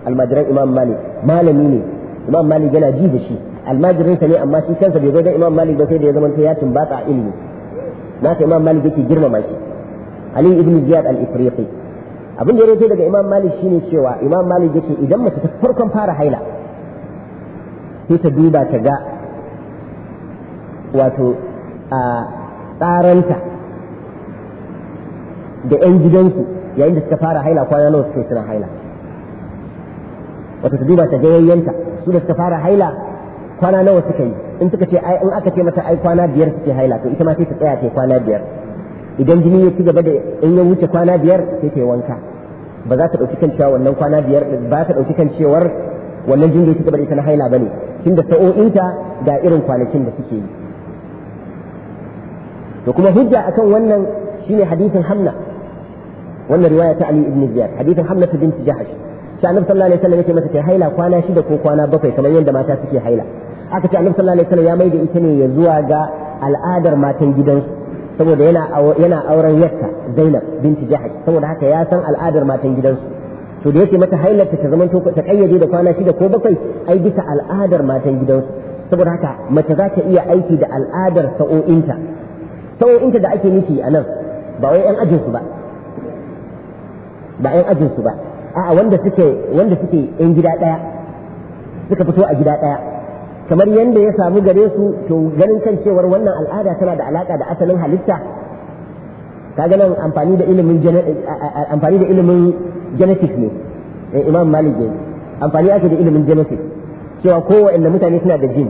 almajiran imam malik malami ne imam malik yana ji da shi almajirinsa ne amma shi kansa bai zo da imam malik ba sai da ya zama ya a ilimi naka imam malik yake girmama shi Aliyu ibn ziyad al-ifriqi abin da ya rawaito daga imam malik shine cewa imam malik yake idan mace ta farkon fara haila sai ta duba ta ga wato a tsaranta da 'yan gidansu yayin da suka fara haila kwana nawa suka yi suna haila wato ta duba ta ga yayyanta su da suka fara haila kwana nawa suka yi in suka ce in aka ce mata ai kwana biyar suke haila to ita ma sai ta tsaya ce kwana biyar idan jini ya ci gaba da in ya wuce kwana biyar sai ta yi wanka ba za ta ɗauki kan cewa wannan kwana biyar ba ta ɗauki kan cewar wannan jini ya ci gaba da ita na haila ba ne da sa'o'inta ga irin kwanakin da suke yi To kuma hujja akan wannan shine hadisin hamna wannan riwaya ta Ali ibn Ziyad hadisin hamna ta binti Jahash sai Annabi sallallahu alaihi wasallam yake masa kai haila kwana shida ko kwana bakwai kamar yadda mata suke haila aka ce Annabi sallallahu alaihi wasallam ya maida ita ne ya zuwa ga al'adar matan gidansu saboda yana yana auren yatta Zainab binti Jahash saboda haka ya san al'adar matan gidansu to da yake mata hailarta ta zaman to ta kayyade da kwana shida ko bakwai ai bisa al'adar matan gidansu saboda haka mace za ta iya aiki da al'adar sa'o'inta sa'o'inta da ake nufi a nan ba wai 'yan ajinsu ba ba 'yan ajinsu ba a'a wanda suke wanda suke 'yan gida ɗaya suka fito a gida ɗaya kamar yadda ya samu gare su to ganin kan cewar wannan al'ada tana da alaka da asalin halitta ka gani amfani da ilimin amfani da ilimin genetics ne eh, imam malik ne amfani ake da ilimin genetics cewa kowanne mutane suna da jin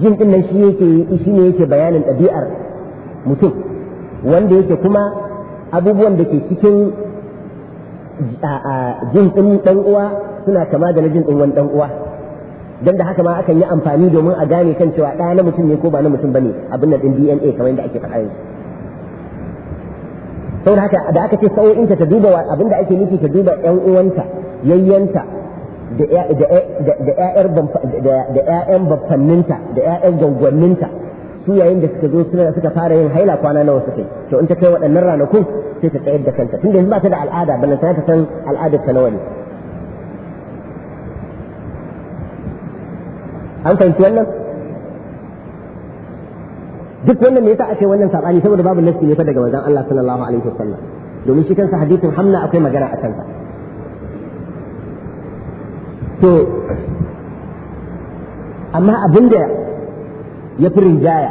jin din nan shi yake shi ne yake bayanin ɗabi'ar mutum wanda yake kuma abubuwan da ke cikin jin din dan uwa suna kama da na jin din wani dan uwa dan da haka ma akan yi amfani domin a gane kan cewa ɗaya na mutum ne ko ba na mutum ne abin da din DNA kamar yadda ake faɗa yanzu saboda haka da aka ce sa'o'inta ta duba abin da ake nufi ta duba ƴan uwanta yayyanta da ƴaƴan babbanninta da ƴaƴan gwangwanninta su yayin da suka zo suka fara yin haila kwana nawa suka yi to in ta kai waɗannan ranakun sai ta tsayar da kanta tunda yanzu ba ta da al'ada balantana ta san al'adar ta nawa ne an fahimci wannan duk wannan ne yasa ake wannan sabani saboda babu nassi ne fa daga wajen Allah sallallahu alaihi wasallam domin shi kansa hadisin hamna akwai magana a kansa to amma abin da ya fi rinjaya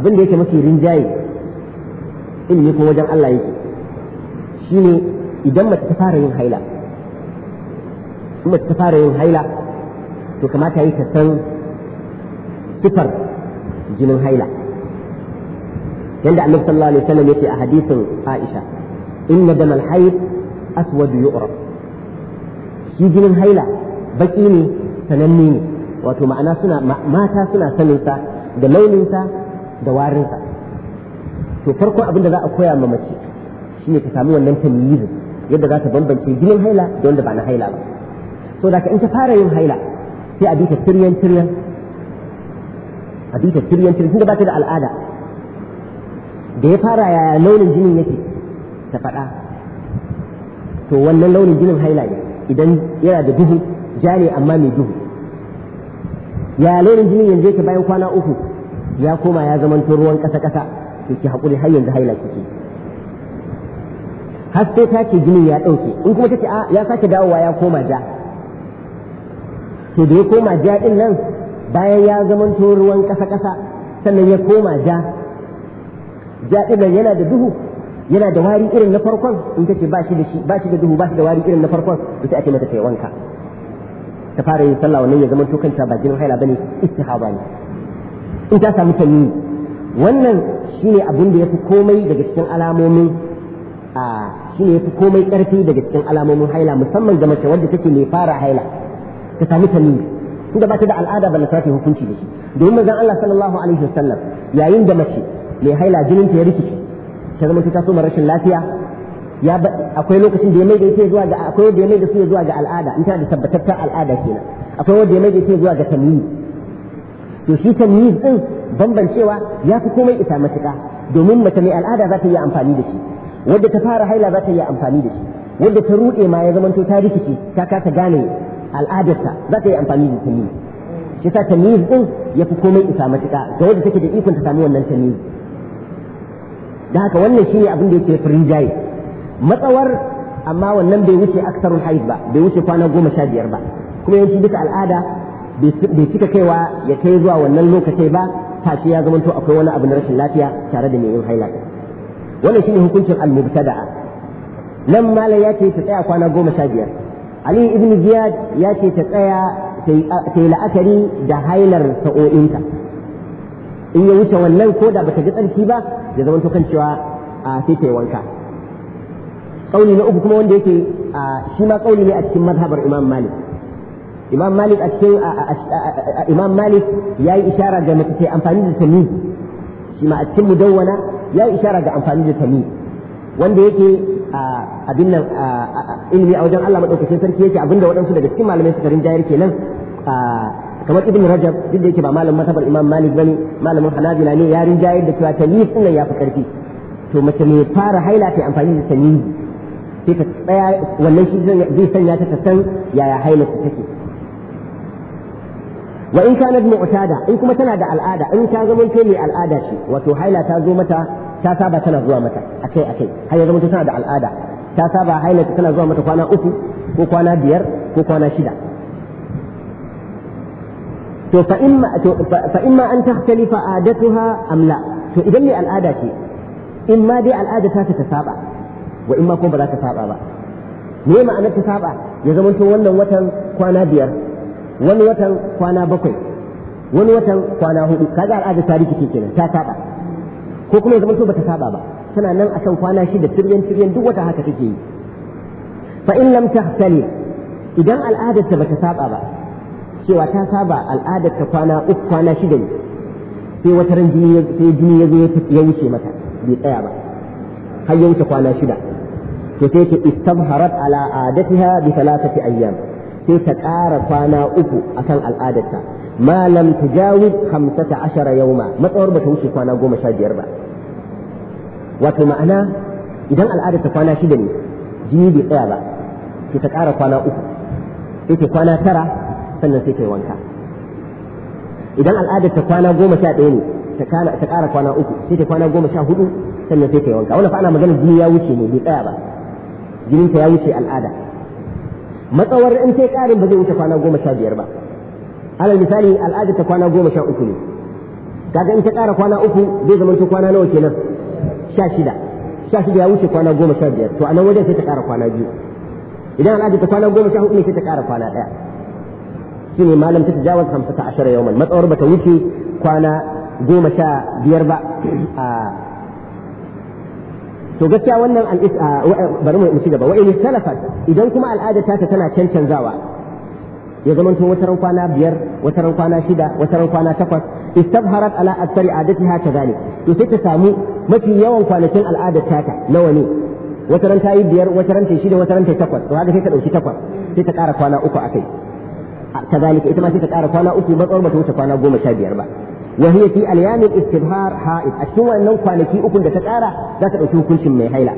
abin da yake mafi rinjaye ilimi ko wajen Allah yake shine idan mace ta fara yin haila in mace ta fara yin haila to kamata yi ta san sifar jinin haila yanda annabi sallallahu alaihi wasallam yake a hadisin Aisha inna damal hayd aswad yu'raf shi jinin haila baki ne sananne ne wato ma'ana suna mata suna sanin sa da launin sa da warin sa to farko abin da za a koya ma mace shine ka samu wannan tamyizin yadda za ta bambance jinin haila da wanda ba na haila ba so da in ta fara yin haila sai a bi ta tiryan tiryan a bi ta tiryan tiryan tunda ba da al'ada da ya fara yaya launin jinin yake ta faɗa to wannan launin jinin haila ne idan yana da duhu ja ne amma mai duhu ya launin jinin yanzu yake bayan kwana uku ya koma ya zamanto ruwan ƙasa-ƙasa to ki haƙuri har yanzu haila kike har sai ta ce jinin ya ɗauke in kuma ta ce a ya sake dawowa ya koma ja to da ya koma ja ɗin nan bayan ya zamanto ruwan ƙasa-ƙasa sannan ya koma ja ja ɗin nan yana da duhu yana da wari irin na farkon in ta ce ba shi da duhu ba shi da wari irin na farkon da ta ake ce mata ta wanka ta fara yin sallah wannan ya zamanto kanta ba jinin haila bane istihaba ne in ta samu tanyi wannan shine abin da yafi komai daga cikin alamomin a shine yafi komai karfi daga cikin alamomin haila musamman ga mace wanda take mai fara haila ta sami tanwin inda ba ta da al'ada ba na ta hukunci da shi domin manzon Allah sallallahu alaihi wasallam yayin da mace mai haila jinin ta ya rikice ta zama ta soma rashin lafiya ya akwai lokacin da ya mai da yake zuwa ga akwai da ya mai da su zuwa ga al'ada in da tabbatattar al'ada kenan akwai wanda ya mai da yake zuwa ga tanwin to shi tamyiz din bambancewa ya fi komai isa matuƙa domin mace mai al'ada za ta yi amfani da shi wadda ta fara haila za ta yi amfani da shi wadda ta ruɗe ma ya zamanto ta rikice ta kasa gane al'adarsa za ta yi amfani da tamiz. shi sa ya din fi komai isa matuƙa ga wanda take da ikon ta samu wannan tamiz. da haka wannan shine abin da yake rinjaye matsawar amma wannan bai wuce aksarun haid ba bai wuce kwana goma sha biyar ba kuma yanci duka al'ada bai cika kaiwa ya kai zuwa wannan lokacin ba tashi ya zamanto akwai wani abu na rashin lafiya tare da mai yin haila wannan shi ne hukuncin al-mubtada'a nan malai ya ce ta tsaya kwana goma sha biyar ali ibn ziyad ya ce ta tsaya ta yi la'akari da hailar sa'o'inta in ya wuce wannan ko da bata ji tsarki ba ya zama to kan cewa a sai ta yi wanka kauli na uku kuma wanda yake shi ma kauli ne a cikin mazhabar imam malik imam malik a cikin imam malik ya yi ishara ga mace ta amfani da tamiz shi ma a cikin mudawwana ya yi ishara ga amfani da tamiz wanda yake abin nan ilimi a wajen Allah madaukakin sarki yake abinda waɗansu daga cikin malamai suka rinjayar kenan kamar ibn rajab duk da yake ba malamin masabar imam malik bane malamin hanabila ne ya rinjayar da cewa tamyiz din nan ya fi karfi to mace mai fara haila ta amfani da tamyiz sai ta tsaya wannan shi zai sanya ta ta san yaya haila ta take wa in kana mu'tada in kuma tana da al'ada in ta zama kai mai al'ada ce wato haila ta zo mata ta saba tana zuwa mata akai akai har ya zama tana da al'ada ta saba haila tana zuwa mata kwana uku ko kwana biyar ko kwana shida to fa imma fa imma an takhtalifa adatuha am la to idan ne al'ada ce in ma dai al'ada ta ta saba wa in ma kuma ba za ta saba ba me ma'anar ta saba ya zama to wannan watan kwana biyar wani watan kwana bakwai wani watan kwana hudu kaga al'ada ta rikice kenan ta saba ko kuma ya zama bata saba ba tana nan akan kwana shida tiryan tiryan duk wata haka take yi fa in lam tahtali idan al'adar ta bata saba ba cewa ta saba al'adar ta kwana uku kwana shida ne sai wata ran jini sai jini ya zo ya wuce mata bai tsaya ba har ya wuce kwana shida to sai ta istabharat ala adatiha bi thalathati ayyam sai ta ƙara kwana uku akan al'adarta ma lam tujawiz 15 yawma matsawar ba ta wuce kwana 15 ba wato idan al'ada ta kwana shida ne jini bai tsaya ba sai ta ƙara kwana uku sai ta kwana tara sannan sai ta yi wanka idan al'adar ta kwana goma sha ɗaya ne ta ƙara kwana uku sai ta kwana goma sha hudu sannan sai ta yi wanka wannan fa ana magana jini ya wuce bai tsaya ba ya wuce al'ada matsawar in sai ƙarin ba zai wuce kwana goma sha biyar ba alal misali al'ada ta kwana goma sha uku ne kaga in ta ƙara kwana uku zai zama kwana nawa kenan sha shida sha shida ya wuce kwana goma sha biyar to a nan wajen sai ta ƙara kwana biyu idan al'ada ta kwana goma sha hudu ne sai ta ƙara kwana ɗaya shine malam ta tajawaz hamsata ashara yawman matsawar bata wuce kwana goma sha biyar ba to gaskiya wannan bari mu ci gaba wa in idan kuma al'ada ta tana cancanzawa ya zama zamanto wataran kwana biyar wataran kwana shida wataran kwana takwas istabharat ala aksari adatiha kadhalik to sai ta samu mafi yawan kwanakin al'adar ta nawa ne wataran ta yi biyar wataran ta shida wataran ta takwas to haka sai ta dauki takwas sai ta ƙara kwana uku akai kadhalika ita ma sai ta ƙara kwana uku matsawar bata wuce kwana goma sha biyar ba وهي في أيام الاستبهار حائض أشتوى أنه كوانكي أكل تتارى ذات أشوف كل شيء هيلا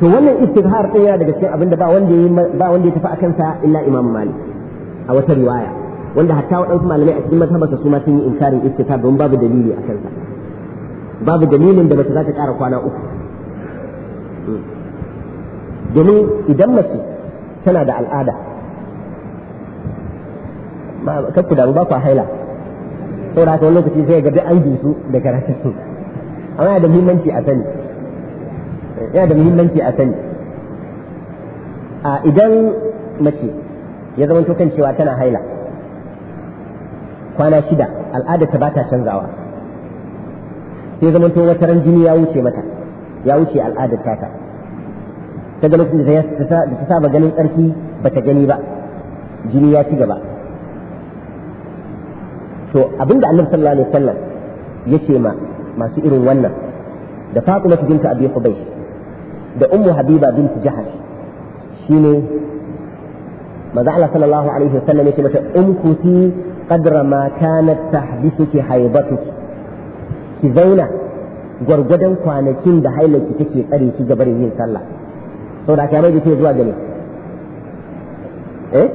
to wannan istighfar din yana daga cikin abin da ba wanda ya ba wanda ya tafi akan sa illa Imam Malik a wata riwaya wanda hatta waɗansu malamai a cikin mazhabar su ma sun yi inkarin istighfar don babu dalili a sa babu dalilin da mace za ta ƙara kwana uku hmm. domin idan mace tana da al'ada kar ku damu ba ku haila saboda haka wani lokaci sai ga duk an su da karatun amma da muhimmanci a sani yana da muhimmanci a sani a idan mace ya zama kan cewa tana haila kwana shida al'ada ta bata canzawa sai zama to wata ran jini ya wuce mata ya wuce al'adar tata ta ga lokacin da ta saba ganin tsarki ba ta gani ba jini ya ci gaba to abinda annabi sallallahu alaihi wasallam yace ma masu irin wannan da Fatima binta Abi Hubaysh da ummu habiba binti shi ne maza Allah sallallahu alaihi wa wasallam yake mata umkuti qadra ma kanat tahbisuki haibatuki ki zauna gwargwadon kwanakin da hailaki take tsare ki gabar yin sallah saboda kai mai zuwa gani eh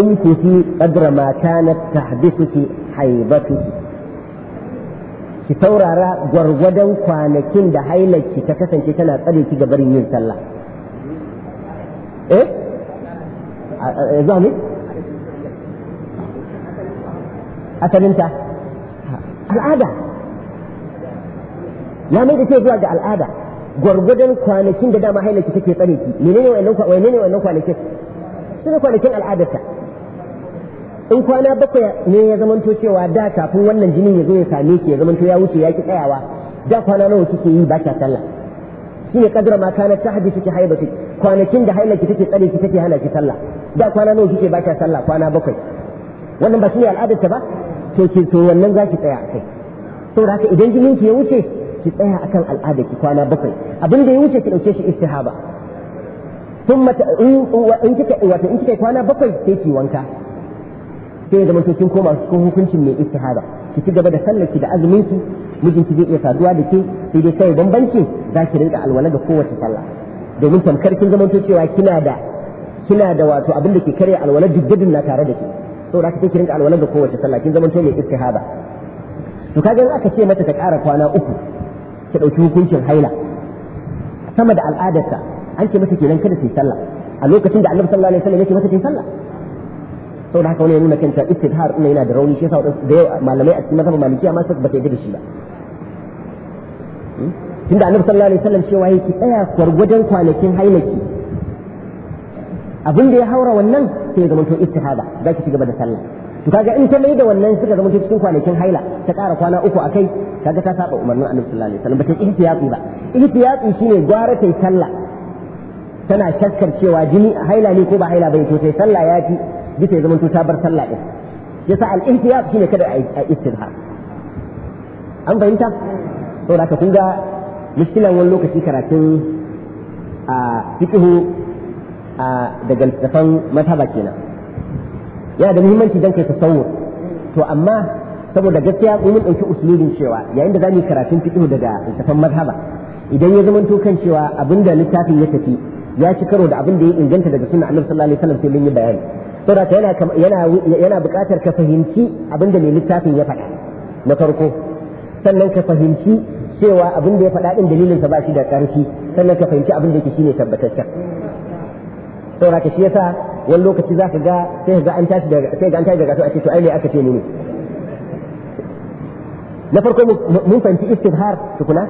umkuti qadra ma kanat tahbisuki haibatuki ki taurara gwargwadon kwanakin da hailarki ta kasance tana tsare ki ga yin sallah eh yanzu ne asalinta al'ada ya mai da ke zuwa ga al'ada gwargwadon kwanakin da dama hailarki take tsare ki menene wannan kwanakin suna kwanakin al'adarta in kwana bakwai ne ya zamanto cewa da kafin wannan jinin ya zo ya same ki ya zamanto ya wuce ya ki tsayawa da kwana nawa kike yi ba ta sallah shine kadra ma kana tahdisu ki haibati kwanakin da hailaki take tsare ki take hana ki sallah da kwana nawa kike ba ta sallah kwana bakwai wannan ba ne al'adar ta ba to ki to wannan zaki tsaya akai saboda haka idan jinin ki ya wuce ki tsaya akan al'ada ki kwana bakwai abin da ya wuce ki dauke shi istihaba ثم in kika wato in kika kwana bakwai sai ki wanka sai ya zama to kin koma cikin hukuncin mai istihada ki ci gaba da sallaki da azumin ki mijinki zai iya saduwa da ke sai dai kai bambanci za ki rinka alwala ga kowace sallah domin tamkar kin zama to cewa kina da kina da wato abin da ke kare alwala diddadin na tare da ke saboda haka sai ki rinka alwala ga kowace sallah kin zama to mai istihada to kaga in aka ce mata ta ƙara kwana uku ta ɗauki hukuncin haila sama da al'adarta an ce mata kenan kada ta yi sallah a lokacin da annabi sallallahu alaihi wasallam ce mata ta yi sallah saboda haka wani ya nuna kanta har ina yana da rauni shi yasa da malamai a cikin mazhabin amma ma ba ta da shi ba hmm? tunda annabi sallallahu alaihi wasallam cewa yake tsaya gwargwadon kwanakin hailaki abin da ya haura wannan sai ya zamanto istihaba za ki ci gaba da sallah to kaga in ta mai da wannan suka zamanto cikin kwanakin haila ta ƙara kwana uku akai kaga ta saba umarnin annabi sallallahu alaihi wasallam ba ta ihtiyatu ba ihtiyatu shine gwara ta sallah tana shakkar cewa jini haila ne ko ba haila ba to sai sallah ya fi. bisa ya zamanto ta bar sallah din yasa al-ihtiyat shine kada a istidhar an fahimta to da kun ga mushkilan wani lokaci karatun a fiqhu a daga littafan mazhaba kenan yana da muhimmanci dan kai tasawur to amma saboda gaskiya mun dauki usulubin cewa yayin da zamu karatun fiqhu daga littafan mazhaba idan ya zamanto kan cewa abinda littafin ya tafi ya ci karo da abin da ya inganta daga sunna annabi sallallahu alaihi wasallam sai mun yi bayani saboda yana yana yana buƙatar ka fahimci abin da mai littafin ya faɗa na farko sannan ka fahimci cewa abin da ya faɗa ɗin dalilinsa ba shi da ƙarfi sannan ka fahimci abin da yake shine tabbataccen saboda ka shi yasa wani lokaci za ka ga sai ga an tashi daga sai ga an tashi daga to a ce to ai ne aka ce ne na farko mun fahimci istihar tukuna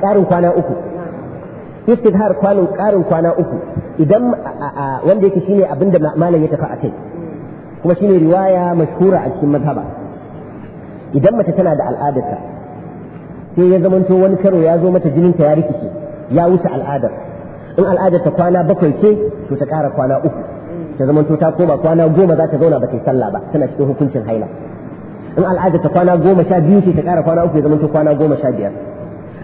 tsarin kwana uku istidhar kwanin ƙarin kwana uku idan wanda yake shine abin da malam ya tafi kai kuma shine riwaya mashhura a cikin mazhaba idan mace tana da al'adarta sai ya zamanto wani karo ya zo mata jinin jininta ya rikice ya wuce al'adar in ta kwana bakwai ce to ta ƙara kwana uku ta zamanto ta koma kwana goma za ta zauna ba ta yi sallah ba tana cikin hukuncin haila in al'ada ta kwana goma sha biyu ce ta ƙara kwana uku ya zama kwana goma sha biyar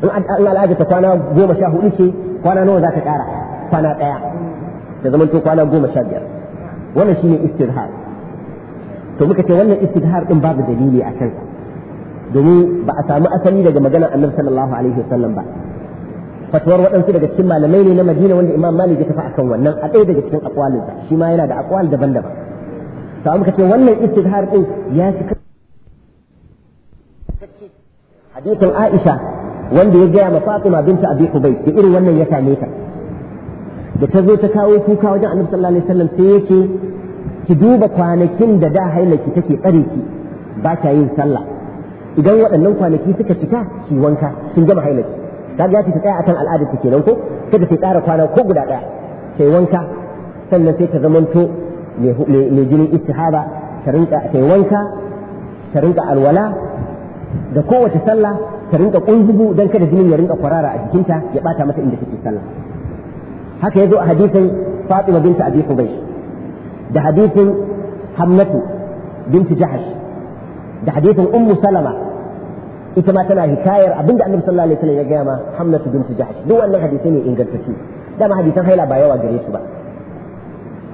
in al'ada ta kwana goma sha hudu ce kwana nawa za ta kara kwana ɗaya da zaman kwana goma sha biyar wannan shine istizhar to muka ce wannan istizhar din babu dalili a kansa domin ba a samu asali daga maganar annabi sallallahu alaihi wasallam ba fatuwar waɗansu daga cikin malamai ne na Madina wanda Imam Malik ya tafi akan wannan a ɗaya daga cikin aqwalinsa shi ma yana da aqwal daban-daban to muka ce wannan istizhar din ya shi hadithin Aisha wanda ya gaya ma Fatima binta Abi Hubayb da irin wannan ya same ta da ta zo ta kawo kuka wajen Annabi sallallahu alaihi wasallam sai yake ki duba kwanakin da da hailaki take tsare ki ba ta yin sallah idan waɗannan kwanaki suka cika ki wanka kin gama hailaki kaga ya ta tsaya akan al'adar ta kenan ko kada ta tsara kwana ko guda ɗaya sai wanka sannan sai ta zamanto mai jinin istihaba ta rinka sai wanka ta rinka alwala da kowace sallah ta rinka kunzugu dan kada jinin ya rinka kwarara a jikinta ya bata mata inda take sallah haka yazo a hadisin Fatima binta Abi Hubaysh da hadisin Hamnatu binti Jahash da hadisin Ummu Salama ita ma tana hikayar abinda Annabi sallallahu alaihi wasallam ya gaya ma Hamnatu binti Jahash duk wannan hadisai ne ingantacce dama hadisan haila ba yawa gare su ba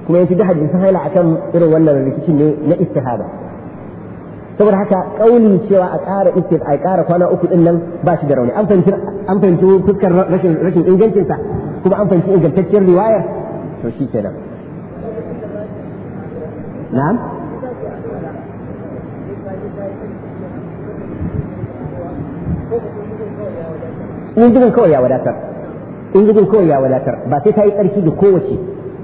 kuma yanzu duk hadisan haila akan irin wannan rikicin ne na istihaba saboda haka kauli cewa a ƙara istis a ƙara kwana uku din nan ba shi da rauni an fahimci an fahimci fuskar rashin rashin ingancin sa kuma an fahimci ingantacciyar riwayar to shi kenan na'am in jibin kawai ya wadatar in jibin kawai ya wadatar ba sai ta yi tsarki ga kowace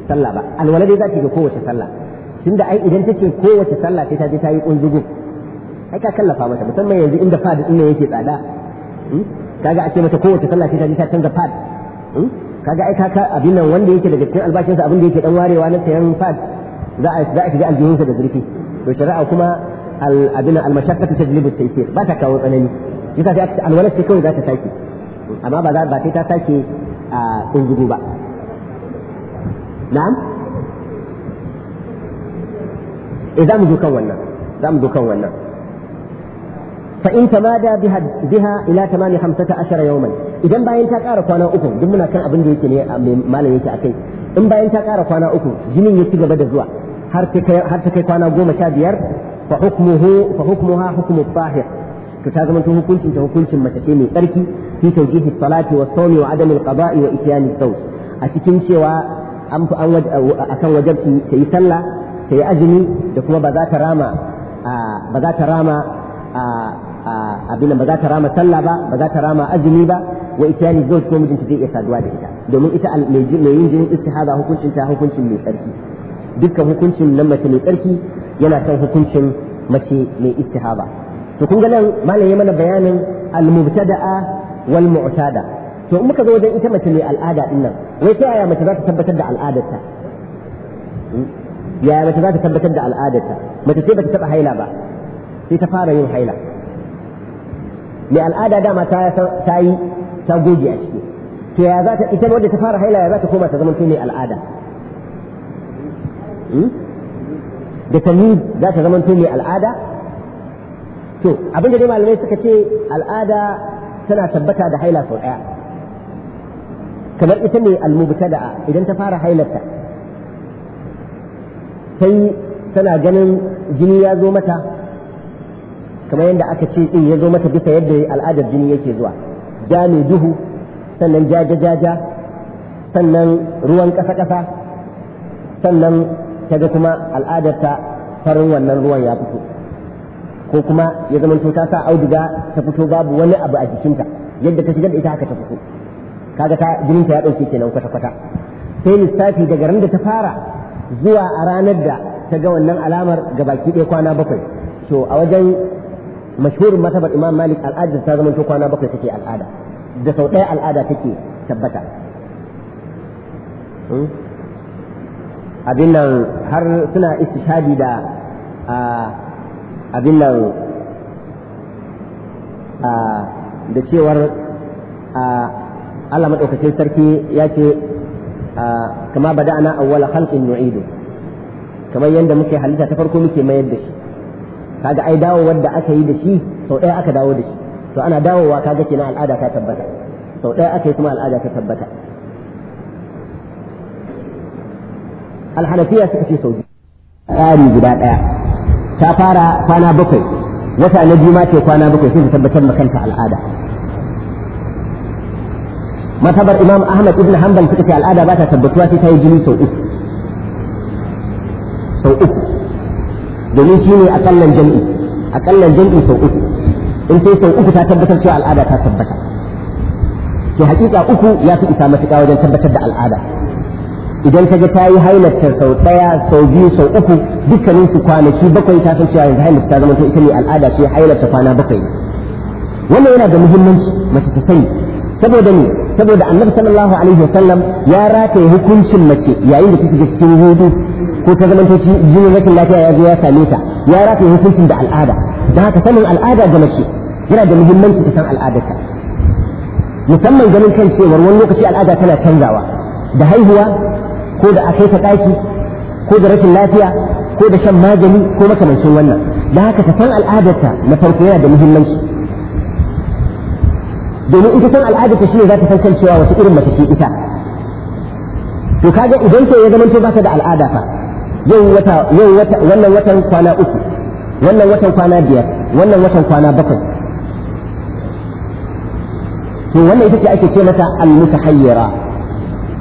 sallah ba alwala dai za ta ga kowace sallah tunda ai idan ta kowace sallah sai ta je ta yi ƙunzugun. ai ka kallafa mata musamman yanzu inda fad din ne yake tsada hmm? kaga ake mata kowace sallah sai ta ji ta canza fad hmm? kaga ai ka abin nan wanda yake daga cikin albashinsa abin da yake dan warewa na sayan fad za a za a shiga aljihunsa da zurfi to shari'a kuma abin al-mashaqqatu tajlibu at-taysir ba ta kawo tsanani yasa sai aka alwala sai kawai za ta sake amma ba za ba sai ta sake a kunzugu ba na'am eh za mu zo kan wannan za mu zo kan wannan فإن تمادى بها, بها إلى تمام خمسة عشر يوما إذا باين تكار قوانا أكو دمنا كان أبن ديك ما لا يكي أكي إن باين تكار قوانا أكو جنين يتيغ بدا زوا هر تكي قوانا قوم شابير فحكمه فحكمها حكم الطاهر تتازم أنت هكونش أنت هكونش ما تتيني تركي في توجيه الصلاة والصوم وعدم القضاء وإتيان الزوج أتكين شوا أم أكن وجبت تيسلى تيأزمي دكما بذات راما بذات راما abin ba za ta rama sallah ba ba za ta rama azumi ba wa ityani zauj ko mijinta zai iya saduwa da ita domin ita mai yin jinin istihada hukuncin ta hukuncin mai tsarki dukkan hukuncin nan mace mai tsarki yana kan hukuncin mace mai istihaba to kun ga nan malam ya mana bayanin al-mubtada'a wal mu'tada to in muka zo wajen ita mace mai al'ada din nan wai ta yaya mace za ta tabbatar da al'adarta hmm? yaya mace za ta tabbatar da al'adarta mace sai bata taba haila ba sai ta fara yin haila mai al'ada dama ta yi ta goge a ciki to ya za ta ita wadda ta fara haila ya za ta koma ta zamanto mai al'ada hmm? da tani za ta zamanto mai al'ada to abinda da dai malamai suka ce al'ada tana tabbata da haila sau ɗaya kamar ita mai almubta da idan ta fara hailarta sai tana ganin jini ya zo mata kamar yadda aka ce din ya zo mata bisa yadda al'adar jini yake zuwa ja mai duhu sannan jaja jaja sannan ruwan ƙasa-ƙasa sannan ga kuma al'adarta farin wannan ruwan ya fito ko kuma ya zama ta sa auduga ta fito babu wani abu a jikinta yadda ta shigar da ita haka ta fito kaga ta jinin ta ya ɗauke kenan kwata-kwata sai lissafi daga ran da ta fara zuwa a ranar da ta ga wannan alamar ga baki ɗaya kwana bakwai to a wajen mashhurin matabar imam malik al'adar ta zama kwana bakwai take al'ada da sau ɗaya al'ada take tabbata abin nan har suna istishadi da abin nan da cewar Allah maɗaukacin sarki ya ce kama bada ana awwala khalqin nu'idu kamar yadda muke halitta ta farko muke mayar da shi kaga ai dawo wanda aka yi da shi sau ɗaya aka dawo da shi to ana dawowa kaga kenan al'ada ta tabbata sau ɗaya aka yi kuma al'ada ta tabbata alhanafiya suka ce sau biyu tsari guda ɗaya ta fara kwana bakwai wata na biyu ce kwana bakwai sai ta tabbatar makanta al'ada matabar imam ahmad ibn hanbal suka ce al'ada ba ta tabbatuwa sai ta yi jini sau uku sau uku domin shi ne akallan jam'i akallan jam'i sau uku in ce sau uku ta tabbatar cewa al'ada ta tabbata to hakika uku ya fi isa matuƙa wajen tabbatar da al'ada idan ka ga ta yi hailarta sau ɗaya sau biyu sau uku dukkanin su kwanaki bakwai ta san cewa yanzu hailarta ta zama ita ne al'ada ce hailarta kwana bakwai wannan yana da muhimmanci mace ta sani saboda ne saboda annabi sallallahu alaihi wasallam ya rataye hukuncin mace yayin da ta shiga cikin hudu ko ta zama ta jinin rashin lafiya ya zo ya same ta ya rataye hukuncin da al'ada da haka sanin al'ada ga mace yana da muhimmanci ta san al'adarta musamman ganin kan cewar wani lokaci al'ada tana canzawa da haihuwa ko da akai ta ɗaki ko da rashin lafiya ko da shan magani ko makamancin wannan da haka ta san al'adarta na farko yana da muhimmanci domin ita san al'ada ta shine za ta san kan cewa wata irin mace ce ita to kaga idan ke ya zama to bata da al'ada fa yau wata yau wata wannan watan kwana uku wannan watan kwana biyar wannan watan kwana bakwai to wannan ita ce ake ce mata al-mutahayyira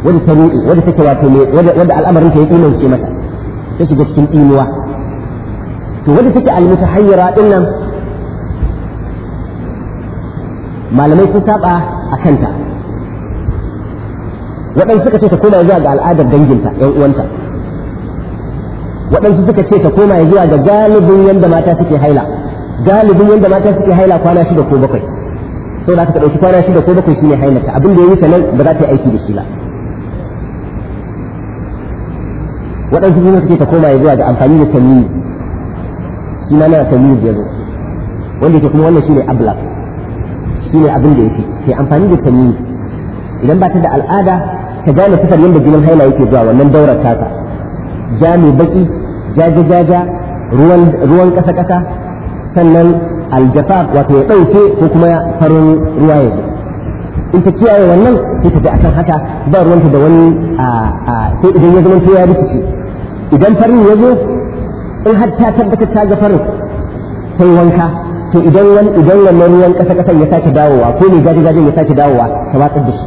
wadda ta ruɗe wadda take wato ne wadda al'amarin ta ya tsinance mata ta shiga cikin imuwa to wadda take al-mutahayyira din nan malamai sun saba a kanta waɗansu suka ce ta koma zuwa ga al'adar danginta yan uwanta waɗansu suka ce ta koma zuwa ga galibin yadda mata suke haila galibin yadda mata suke haila kwana shida ko bakwai sau da aka ɗauki kwana shida ko bakwai shine hailata abin da ya ta nan ba za ta yi aiki da shi ba waɗansu kuma suke ta koma zuwa ga amfani da tamiz shi ma na tamiz ya zo wanda ke kuma wannan shine ablak shine abin da yake ke amfani da tamyiz idan ba ta da al'ada ta gane sifar yadda jinin haila yake zuwa wannan daurar taka ja mai baki jaja jaja ruwan ruwan kasa kasa sannan aljafa wato ya ɗauke ko kuma farin ruwa ya zo in ta kiyaye wannan sai ta bi akan haka ba ruwanta da wani sai idan ya zama ya rikici idan farin ya zo in har ta tabbatar ta ga farin sai wanka to idan wani idan wannan ruwan kasa kasa ya sake dawowa ko ne gaji gajin ya sake dawowa ta watsar da shi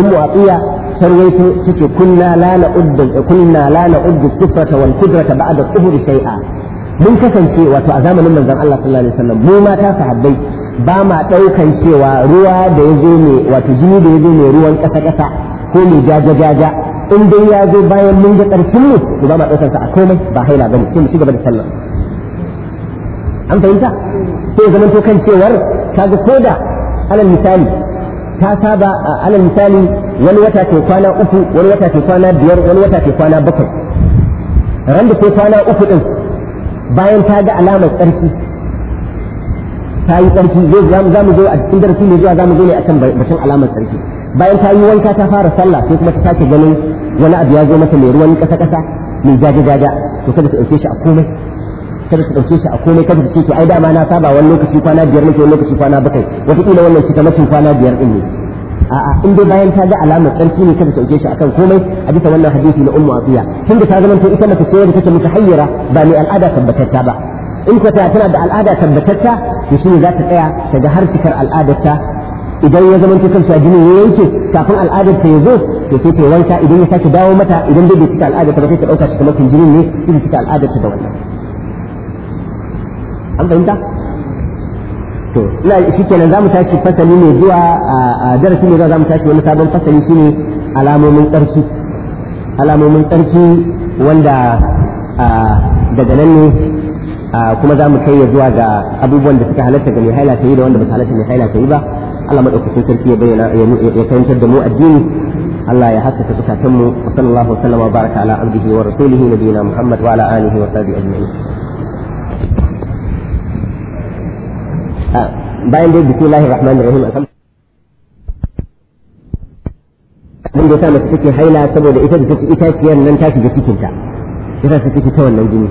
ummu atiya sarwaito tace kunna la na'uddu kunna la na'uddu sifrata wal qudrata ba'da tuhuri shay'a mun kasance wato a zamanin manzon Allah sallallahu alaihi wasallam mu mata sahabbai ba ma daukan cewa ruwa da ya zo ne wato jini da ya zo ne ruwan kasa kasa ko ne jaja jaja in dai ya zo bayan mun ga karshen mu ba ma daukan sa a komai ba haila bane sai mu ci gaba da sallah an fahimta sai zaman to kan cewar ta kaga koda alal misali ta saba a alal misali wani wata ke kwana uku wani wata ke kwana biyar wani wata ke kwana bakwai ran da ke kwana uku din bayan ta ga alamar tsarki ta yi tsarki zai za mu zo a cikin darasi ne zuwa za mu zo ne akan batun alamar tsarki bayan ta yi wanka ta fara sallah sai kuma ta sake ganin wani abu ya zo mata mai ruwan kasa kasa mai jaja jaja to kada ta ɗauke shi a komai kada su ɗauke shi a komai kada su ce to ai dama na saba wani lokaci kwana biyar nake wani lokaci kwana bakwai wataƙila wannan shi kamar kwana biyar ɗin ne a'a in dai bayan ta ga alamar ƙarfi ne kada ta ɗauke shi akan komai a bisa wannan hadisi na ummu afiya tunda ta zama ita mace ce da take mutahayyira ba mai al'ada tabbatacca ba in ko ta tana da al'ada tabbatacca to ne za ta tsaya ta ga har cikar al'adarta idan ya zama ta kansa jini ya yanke kafin al'adar ta ya zo to sai ta wanka idan ya sake dawo mata idan dai bai cika al'adar ta ba sai ta ɗauka cikin mafi jinin ne sai cika al'adar ta da wannan an fahimta to ina za mu tashi fasali ne zuwa a darasi ne zuwa mu tashi wani sabon fasali shine alamomin tsarki alamomin tsarki wanda daga nan ne kuma za mu kai ya zuwa ga abubuwan da suka halatta ga mihaila haila ta yi da wanda ba su halatta mihaila haila ta yi ba Allah madaukakin sarki ya bayyana ya karantar da mu addini Allah ya haskaka zukatanmu wa sallallahu alaihi wa baraka ala abdihi wa rasulihi nabiyina Muhammad wa ala alihi wa sahbihi ajma'in Ah, bayan dai lahi rahman rahim a abin da ya mace take haila saboda ita da take itaciyar nan ta shiga cikinta ya sa ta take ta wannan jini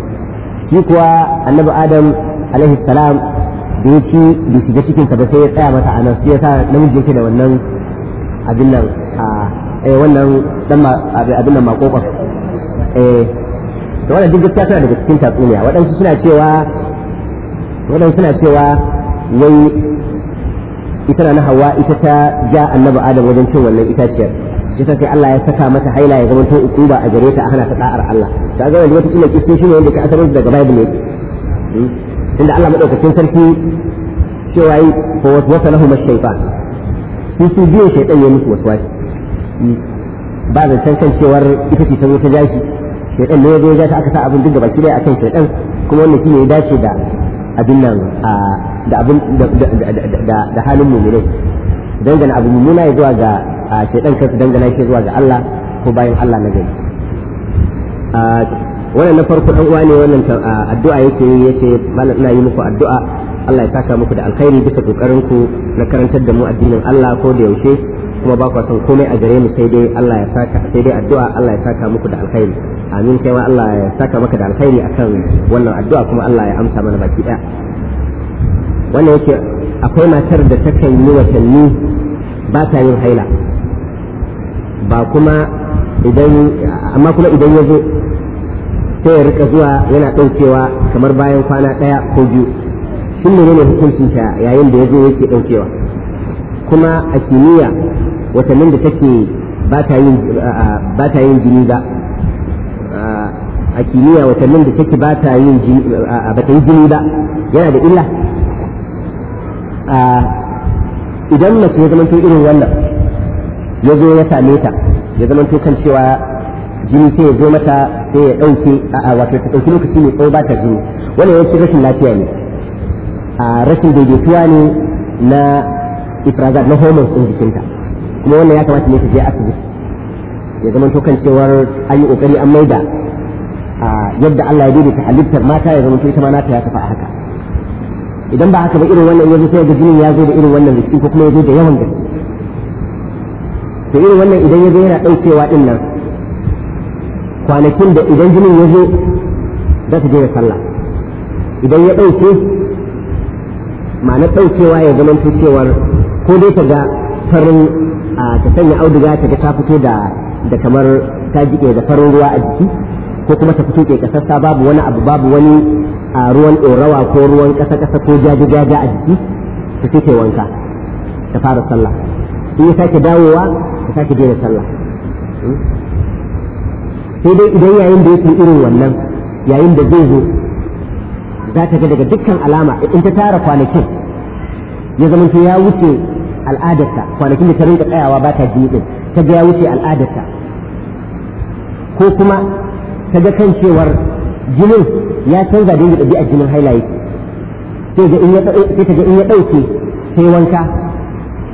shi kuwa annabi adam alaihi salam da ya ci bai shiga cikin ba sai ya tsaya mata a nan sai sa namiji yake da wannan abin nan a eh, wannan dan abin nan makokon da eh, to wannan duk gaskiya suna daga cikin tatsuniya waɗansu suna cewa waɗansu suna cewa wai ita na hawa ita ta ja annabi adam wajen cin wannan itaciyar shi ta sai Allah ya saka mata haila ya zama to ba a gare ta a hana ta da'ar Allah ta ga wanda wata kila kisto shine wanda ka asarin daga Bible ne hmm? tunda Allah madaukakin sarki cewa yi fa waswasa lahum ash-shaytan su su biyo shaytan ya musu waswasi hmm? ba zan san kan cewar ita ce ta zo ta jashi shaytan ne ya zo ya ta aka sa abin duk da baki dai akan shaytan kuma wannan shine ya dace da abin nan da abin da halin mu'minai su dangana abu mummuna ya zuwa ga shaidan kan su dangana shi zuwa ga Allah ko bayan Allah na gari wannan na farko dan uwa ne wannan addu'a yake yi yace malam ina yi muku addu'a Allah ya saka muku da alkhairi bisa kokarin ku na karantar da mu addinin Allah ko da yaushe kuma ba ku son komai a gare mu sai dai Allah ya saka sai dai addu'a Allah ya saka muku da alkhairi amin kai ma Allah ya saka maka da alkhairi akan wannan addu'a kuma Allah ya amsa mana baki daya wannan yake akwai matar da ta kan yi watanni ba ta yin haila ba kuma idan amma kuma idan ya zo sai ya rika zuwa yana ɗaukewa kamar bayan kwana ɗaya ko biyu shin hukuncin ta yayin da ya zo yake ɗaukewa kuma a kimiyya watannin da take ba ta yin jini ba a kimiyya watannin da take ba ta yin yi jini ba yana da illa idan mace ya zamanto irin wannan ya zo ya same ta ya zamanto kan cewa jini sai ya zo mata sai ya ɗauke a wato ta ɗauki lokaci mai tsawo ba ta jini wannan yawanci rashin lafiya ne a rashin daidaituwa ne na ifrazat na hormones ɗin jikinta kuma wannan ya kamata ne ta je asibiti ya zama kan cewar an yi ƙoƙari an maida yadda Allah ya ta halittar mata ya zama ita ma nata ya tafi a haka idan ba haka ba irin wannan yanzu sai ga jinin ya zo da irin wannan gaske ko kuma ya zo da yawan gaske to irin wannan idan ya zo yana daukewa din nan kwanakin da idan jinin ya zo za ta je da sallah idan ya dauke ma'anar daukewa ya zama to cewar ko dai ta ga farin ta sanya auduga ta ga ta fito da kamar ta jiƙe da farin ruwa a jiki ko kuma ta fito ke kasassa babu wani abu babu wani a ruwan ɗorawa ko ruwan ƙasa-ƙasa ko jaji jaji a jiki ta sai wanka ta fara sallah in ya sake dawowa ta sake daina sallah sai dai idan yayin da yake irin wannan yayin da zai zo za ta ga daga dukkan alama in ta tara kwanakin ya zama ya wuce al'adarta kwanakin da ta rinka tsayawa ba ta jini ta ga ya wuce al'adarta ko kuma ta ga kan cewar jinin ya canza da yadda ɗabi'ar jinin haila yake sai ga in ya ta ga in ya ɗauke sai wanka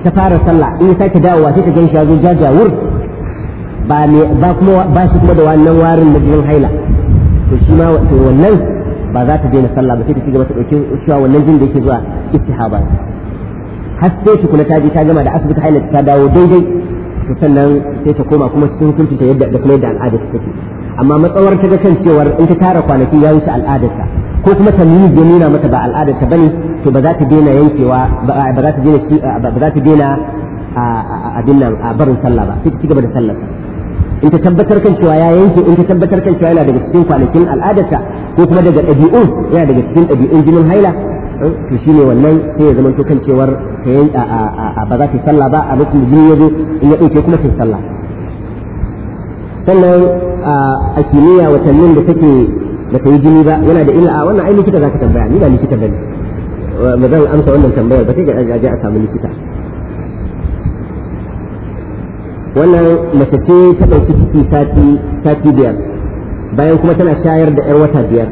ta fara sallah in ya sake dawowa sai ta gan shi ya zo wur ba ba kuma ba shi kuma da wannan warin na jinin haila to shi ma to wannan ba za ta daina sallah ba sai ta ci gaba ta ɗauke cewa wannan jin da yake zuwa istihaba har sai ta kula ta ji ta gama da asibiti haila ta dawo daidai to sannan sai ta koma kuma cikin hukuncinta yadda da kuma yadda al'ada take amma matsawar ta ga kan cewar in ta tara kwanaki ya wuce al'adarta ko kuma tamyiz ya nuna mata ba al'adarta bane to ba za ta daina yankewa ba za ta daina ba za abin nan a barin sallah ba sai ta cigaba da sallar in ta tabbatar kan cewa ya yanke in ta tabbatar kan yana daga cikin kwanakin al'adarta ko kuma daga ɗabi'un yana daga cikin ɗabi'un jinin haila eh, to shi ne wannan sai ya zamanto kan cewar ba za ta yi sallah ba a lokacin jini ya zo in ya ɗauke kuma ta yi sallah sannan a kimiyya watannin da take da ta yi jini ba yana da illa wannan ai likita za ka tambaya ni ba likita ba ne ba zan amsa wannan tambayar ba sai ga a samu likita wannan mace ce ta ɗauki ciki sati biyar bayan kuma tana shayar da 'yar wata biyar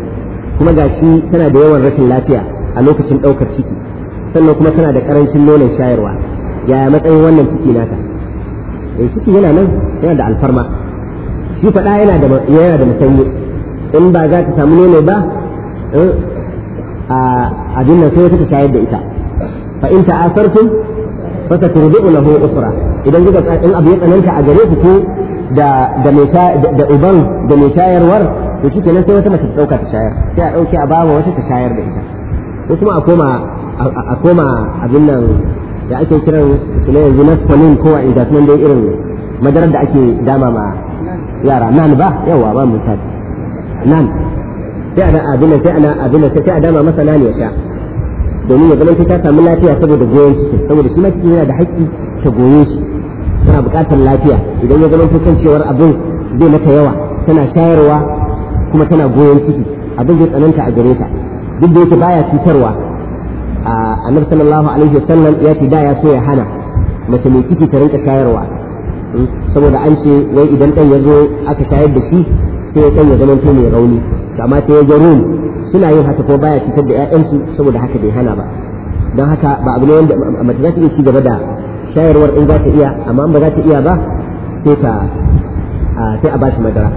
kuma gashi tana da yawan rashin lafiya a lokacin ɗaukar ciki sannan kuma tana da ƙarancin nonon shayarwa yaya matsayin wannan ciki nata eh, ciki yana nan yana da alfarma shi faɗa yana da yana da musanyi in ba za ta samu nono ba eh, a abin nan sai ta shayar da ita fa in asartu fa turdu lahu ukhra idan kuka in abu ya tsananta a gare ku ko da da mai da uban da mai shayarwar to na sai wata mace ta dauka ta shayar sai a dauke a bawa wata ta shayar da ita ko kuma a koma a koma abin nan da ake kiran su ne yanzu na ko a idan dai irin madarar da ake dama ma yara nan ba yawa ba misali nan sai ana abin sai ana abin sai a dama masa nan ya sha domin ya zama ta samu lafiya saboda goyon ciki saboda shi ma ciki yana da haƙƙi ta goye shi tana buƙatar lafiya idan ya zama kan cewar abin zai mata yawa tana shayarwa kuma tana goyon ciki abin zai tsananta a gare ta duk da yake baya cutarwa annabi sallallahu alaihi wasallam ya ce da ya so ya hana mace mai ciki ta rinka shayarwa saboda an ce wai idan ɗan ya zo aka shayar da shi sai ɗan ya zama mai rauni amma sai ya ga rum suna yin haka ko baya cutar da 'ya'yansu saboda haka bai hana ba don haka ba abu ne wanda mace za ta iya ci gaba da shayarwar in za ta iya amma ba za ta iya ba sai ta sai a ba shi madara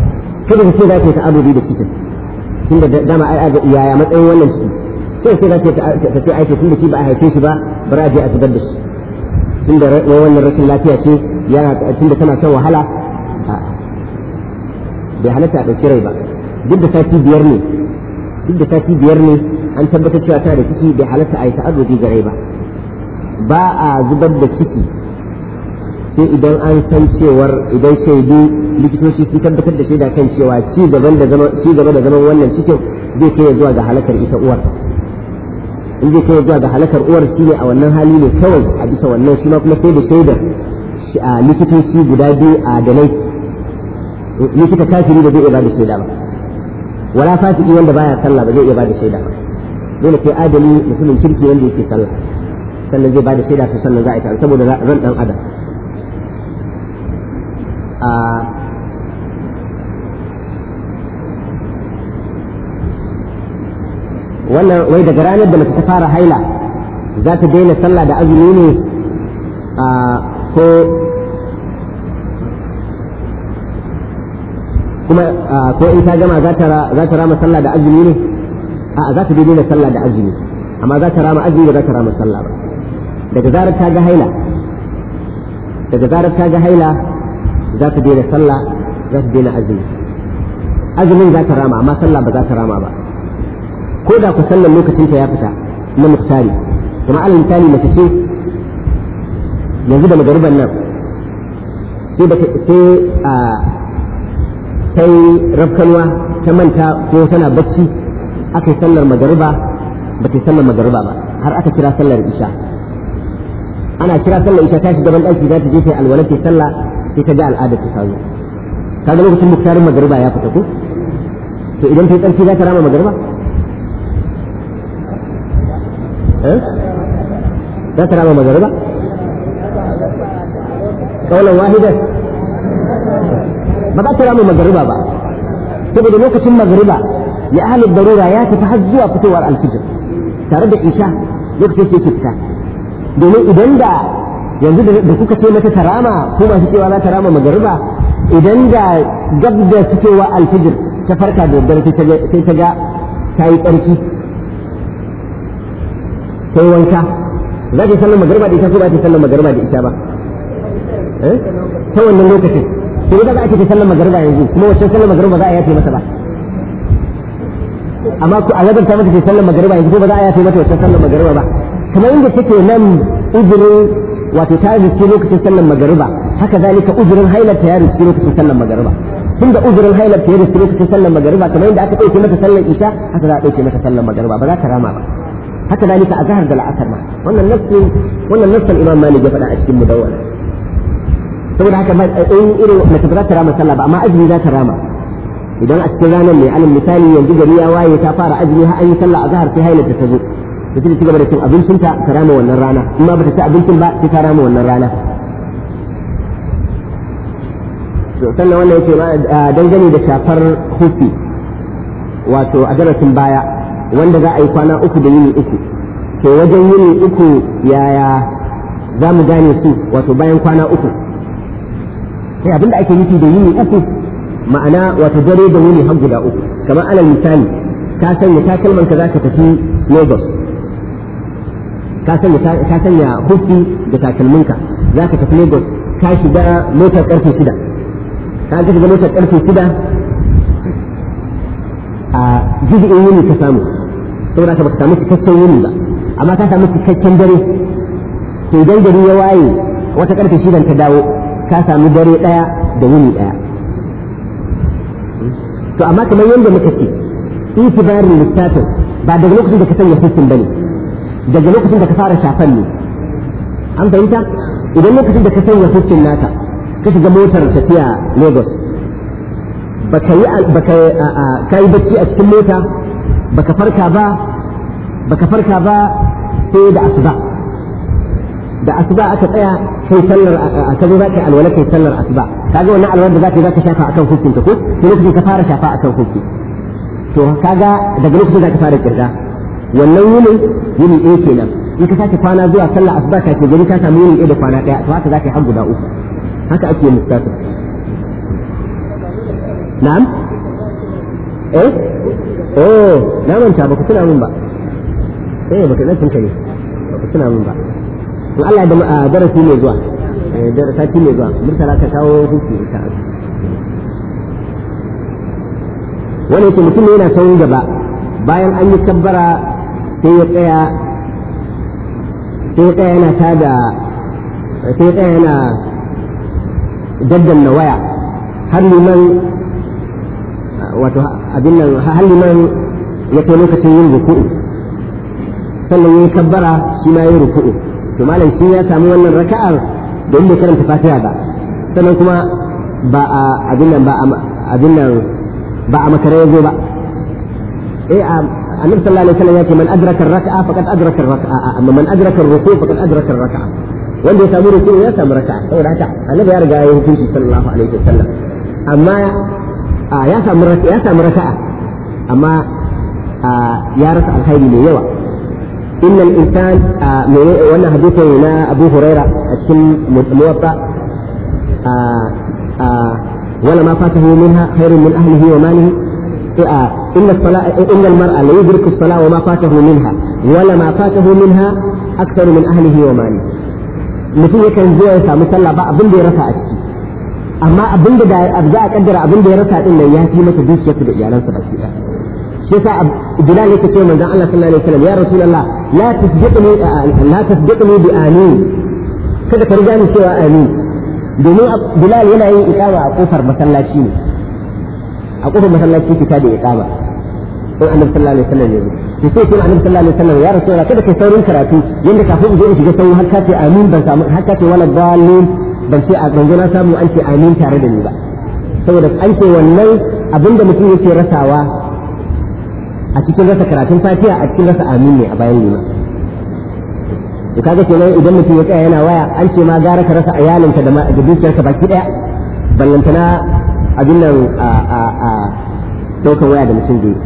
kada ka ce za ta yi ta'amuli da cikin tunda dama ai ga iyaya matsayin wannan ciki sai ce za ta ce aiki tun da shi ba a haife shi ba bara a je a zubar da shi tunda wannan rashin lafiya ce yana tunda tana shan wahala bai halatta a ɗauki rai ba duk da sati biyar ne duk da sati biyar ne an tabbatar cewa tana da ciki bai halatta a yi ta'arrufi ga rai ba ba a zubar da ciki sai idan an san cewar idan shaidu likitoci sun tabbatar da shaida kan cewa ci gaban da zaman gaba da zaman wannan cikin zai kai zuwa ga halakar ita uwar in zai kai zuwa ga halakar uwar shine a wannan hali ne kawai a bisa wannan shi ma kuma sai da shaidar likitoci guda biyu a dalai likita kafiri da zai iya bada shaida ba wala fasiki wanda baya sallah ba zai iya bada shaida ba dole sai adali musulmin kirki wanda yake sallah sannan zai bada shaida to sannan za a yi saboda ran dan adam wannan wai daga ranar da mace ta fara haila za ta daina sallah da azumi ne a ko kuma ko in ta gama za ta rama sallah da azumi ne a za ta daidai da sallah da azumi amma za ta rama azumi ba za ta rama sallah ba daga zarar ta ga haila daga zarar ta ga haila za ta daina sallah za ta daina azumi azumin za ta rama amma sallah ba za ta rama ba ko da ku sallan lokacin ta ya fita na muktari kuma alal misali mace ce yanzu da magariban nan sai da sai a ta yi rafkanwa ta manta ko tana bacci aka yi sallar magariba ba ta yi sallar magariba ba har aka kira sallar isha ana kira sallar isha ta shiga ɗaki za ta je ta yi alwala ta sallah sai ta ga al'adar ta samu kaga lokacin muktarin magariba ya fita ko to idan ta yi tsarki za ta rama magariba eh? za ta rama magariba kaulan wahida ba za ta ramu magariba ba saboda lokacin magariba ya ahalin darura ya tafi har zuwa fitowar alfijir tare da isha lokacin ke fita domin idan da yanzu da kuka ce mata tarama ko masu cewa za ta rama magariba idan da gab da fitowa alfijir ta farka da daddare sai ta ga ta yi tsarki sai wanka za ta sallar magariba da ita ko ba ta sallar magariba da isha ba eh? ta wannan lokacin to ba za a ta sallar magariba yanzu kuma wacce sallar magariba za a yafe mata ba amma ko a wajen ta mata ta sallar magariba yanzu ko ba za a yafe mata wacce sallar magariba ba kamar yadda take nan uzurin wato ta riske lokacin sallar magariba haka zalika uzurin hailar ta ya riske lokacin sallar magariba tunda uzurin hailar ta ya riske lokacin sallar magariba kamar yadda aka ɗauke mata sallar isha haka za a ɗauke mata sallar magariba ba za ta rama ba haka zalika a zahar da la'asar ma wannan nassin wannan nassin imam malik ya faɗa a cikin mudawwana saboda haka eh, in irin mace ba za ta rama sallah ba amma azumi za ta rama idan a cikin ranar ne alal misali yanzu gari ya waye ta fara azumi har an yi sallah a zahar sai hailar ta zo to sai ci gaba da cin abincin ta ta rama wannan rana kuma ma bata ci abincin ba sai ta rama wannan rana to sannan wannan yake eh, dangane da shafar hufi wato a darasin baya wanda za a yi kwana uku da yini uku to wajen yini uku yaya za mu gane su wato bayan kwana uku sai abin da ake nufi da yini uku ma'ana wato dare da yini har guda uku kamar alal misali ka sanya takalman ka za ka tafi lagos ka sanya hufi da ka za ka tafi lagos ka shiga motar karfe shida ka ga shiga motar karfe shida a jizi'in yini ka samu saboda baka samu cikakken yini ba amma ka samu cikakken dare to idan gari ya waye wata karfe shidan ta dawo ka samu dare daya da wuni daya to amma kamar yadda muka ce itibarin littafin ba daga lokacin da ka sanya hukun bane daga lokacin da ka fara shafan ne an fahimta idan lokacin da ka sanya hukun naka ka shiga motar tafiya lagos baka yi bacci a cikin mota baka farka ba baka farka ba sai da asuba da asuba aka tsaya kai sallar ka zo zaka alwala kai sallar asuba kaga wannan alwala da zaka zaka shafa akan hukun ta ko sai lokacin ka fara shafa akan hukun to kaga daga lokacin zaka fara kirga wannan yinin yini ɗaya kenan in ka sake kwana zuwa sallar asuba ka ce gari ka samu yini ɗaya da kwana ɗaya to haka zaka yi har guda uku haka ake lissafi na'am eh oh na manta baka tuna min ba eh baka nan tunka ba baka tuna min ba to Allah da ah, darasi mai zuwa eh, darasi mai zuwa murtala ka kawo hukunci insha wani ce mutum yana sauyin gaba bayan an yi kabbara sai ya tsaya sai ya tsaya yana tada sai ya tsaya yana daddanna waya har liman wato abin nan halin liman ya kai lokacin yin ruku'u sannan yayi kabbara shi ma yayi ruku'u to malam shi ya samu wannan raka'ar da inda karanta fatiha ba sannan kuma ba a abin nan ba a abin nan ba a makare yazo ba eh annabi sallallahu alaihi wasallam ya ce man adraka rakaa faqad adraka rakaa amma man adraka ruku'u faqad adraka rakaa wanda ya samu ruku'u ya samu raka'a saboda haka annabi ya riga ya yi hukunci sallallahu alaihi wasallam amma ya samu raka'a amma ya rasa alkhairi mai yawa innal insan wannan hadisin na Abu Huraira a cikin muwatta wala ma fatahu minha khairun min ahlihi wa malihi إن الصلاة لا يدرك الصلاة وما فاته منها ولا ما فاته منها أكثر من أهله وماله mutum yakan zo ya samu sallah ba abin da ya rasa a ciki amma abin da za a kaddara abin da ya rasa din nan ya fi masa dukiyarsa da iyalansa baki ɗaya shi yasa Bilal yake ce manzon Allah sallallahu alaihi wasallam ya rasulullah la tasdiqni la tasdiqni bi amin kada ka riga ni cewa amin domin Bilal yana yin iqama a kofar masallaci ne a kofar masallaci fita da iqama in annabi sallallahu alaihi wasallam ya zo to sai sai annabi sallallahu alaihi wasallam ya rasulullah kada ka saurin karatu yanda kafin in je in shiga sauri har ka ce amin ban samu har ka ce wala dalil ban ce a gangu na samu an ce amin tare da ni ba saboda an ce wannan abin da mutum yake rasawa a cikin rasa karatun fatiha a cikin rasa amin ne a bayan lima to kaga kenan idan mutum ya tsaya yana waya an ce ma gara ka rasa ayalinka da da dukiyarka baki daya na abin nan a a a waya da mutum zai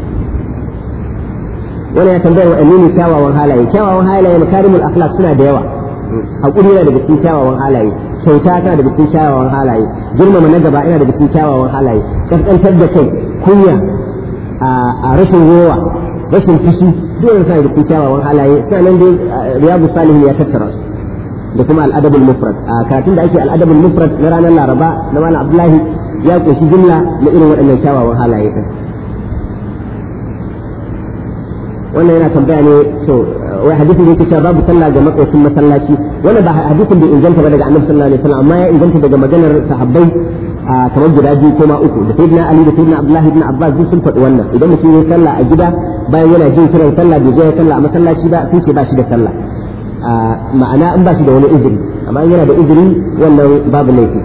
Wani ya tambayar wa'anni ne kyawawan halaye kyawawan halaye makarimul akhlaq suna da yawa hakuri yana daga cikin kyawawan halaye kyauta tana da cikin kyawawan halaye girmama na gaba yana da cikin kyawawan halaye kaskantar da kai kunya a rashin rowa rashin fushi duk wani suna daga cikin kyawawan halaye nan dai Riyabu salihin ya tattara su da kuma al'adabul mufrad a karatun da ake al'adabul mufrad na ranar laraba na malam abdullahi ya ƙunshi jumla na irin waɗannan kyawawan halaye wannan yana tambaya ne to wai hadisin da yake cewa babu sallah ga makwacin masallaci wannan ba hadisin bai inganta ba daga annabi sallallahu alaihi wasallam amma ya inganta daga maganar sahabbai kamar guda biyu ko ma uku da sayyidina ali da sayyidina abdullahi ibn abbas duk sun faɗi wannan idan mutum ya sallah a gida bayan yana jin kiran sallah bai je ya sallah a masallaci ba sun ce ba shi da sallah ma'ana in ba shi da wani izini amma yana da izini wannan babu laifi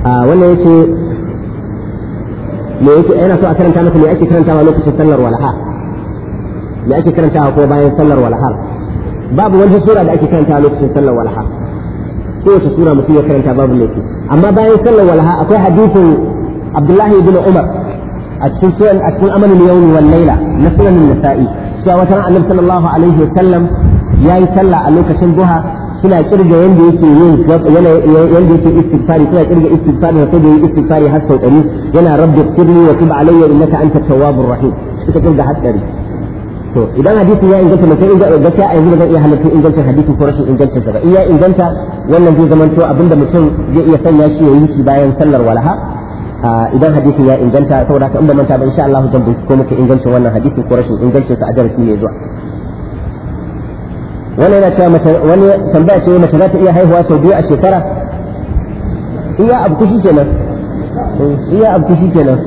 wannan yace me yake yana so a karanta masa me ake karantawa lokacin sallar walaha me ake karantawa ko bayan sallar walaha babu wani sura da ake a lokacin sallar walaha kowace sura mutum ya karanta babu laifi amma bayan sallar walaha akwai hadisin Abdullahi ibn Umar a cikin sunan a cikin amalul yawmi wal laila na sunan nisa'i cewa wata ran Annabi sallallahu alaihi wasallam yayi sallah a lokacin duha suna kirga yanda yake yin yanda yake istighfari suna kirga istighfari da sai da yi istighfari har sau ɗari yana rabbi firni wa tub alayya innaka anta tawwabur rahim suka kirga har ɗari to idan hadisi ya inganta mutum gaskiya a yanzu ba zan iya halatta ingancin hadisi ko rashin ingancin sa ba in ya inganta wannan zai zama to abinda mutum zai iya sanya shi ya yi shi bayan sallar walaha idan hadisin ya inganta saboda haka in ba manta ba insha Allah zan binciko muku ingancin wannan hadisi ko rashin ingancin sa a darasi mai zuwa wani yana cewa mace wani tambaya ce mace za ta iya haihuwa sau biyu a shekara iya abu kushi kenan iya abu kushi kenan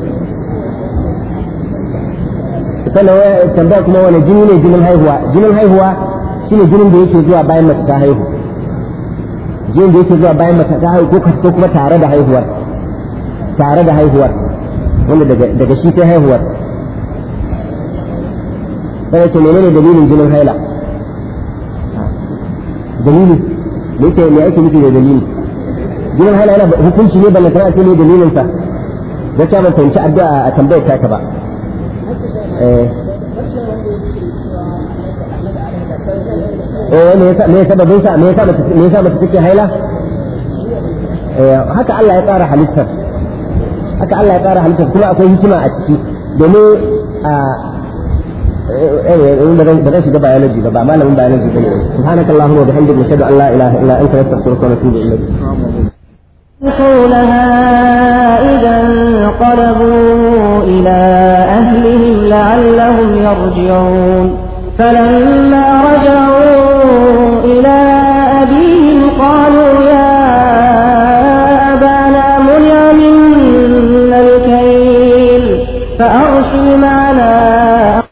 sannan wani tambaya kuma wani jini ne jinin haihuwa jinin haihuwa shine jinin da yake zuwa bayan mace ta haihu jinin da yake zuwa bayan mace ta haihu ko kuma tare da haihuwar tare da haihuwar wanda daga shi ta haihuwar sai ce menene dalilin jinin haila دليل ليس لأيك مثل دليل جينا هلا هلا هو كل شيء يبقى لك رأسي ليه دليل انت ده كما انت انت عبدا اتنبيه كاكبا ايه ايه ميسا ميسا بميسا ميسا ميسا ميسا بتتكي هيلا ايه حكا الله يطارع حليسر حكا الله يطارع حليسر كما اكو هكما اتشي دليل اه إيه، إيه، إيه، بدأ شيء ببيولوجي ببا ما لهم بيولوجي بني سبحانك اللهم وبحمدك نشهد أن لا إله إلا أنت نستغفرك ونتوب إليك قولها إذا انقلبوا إلى أهلهم لعلهم يرجعون فلما رجعوا إلى أبيهم قالوا يا أبانا منع منا الكيل فأرسل معنا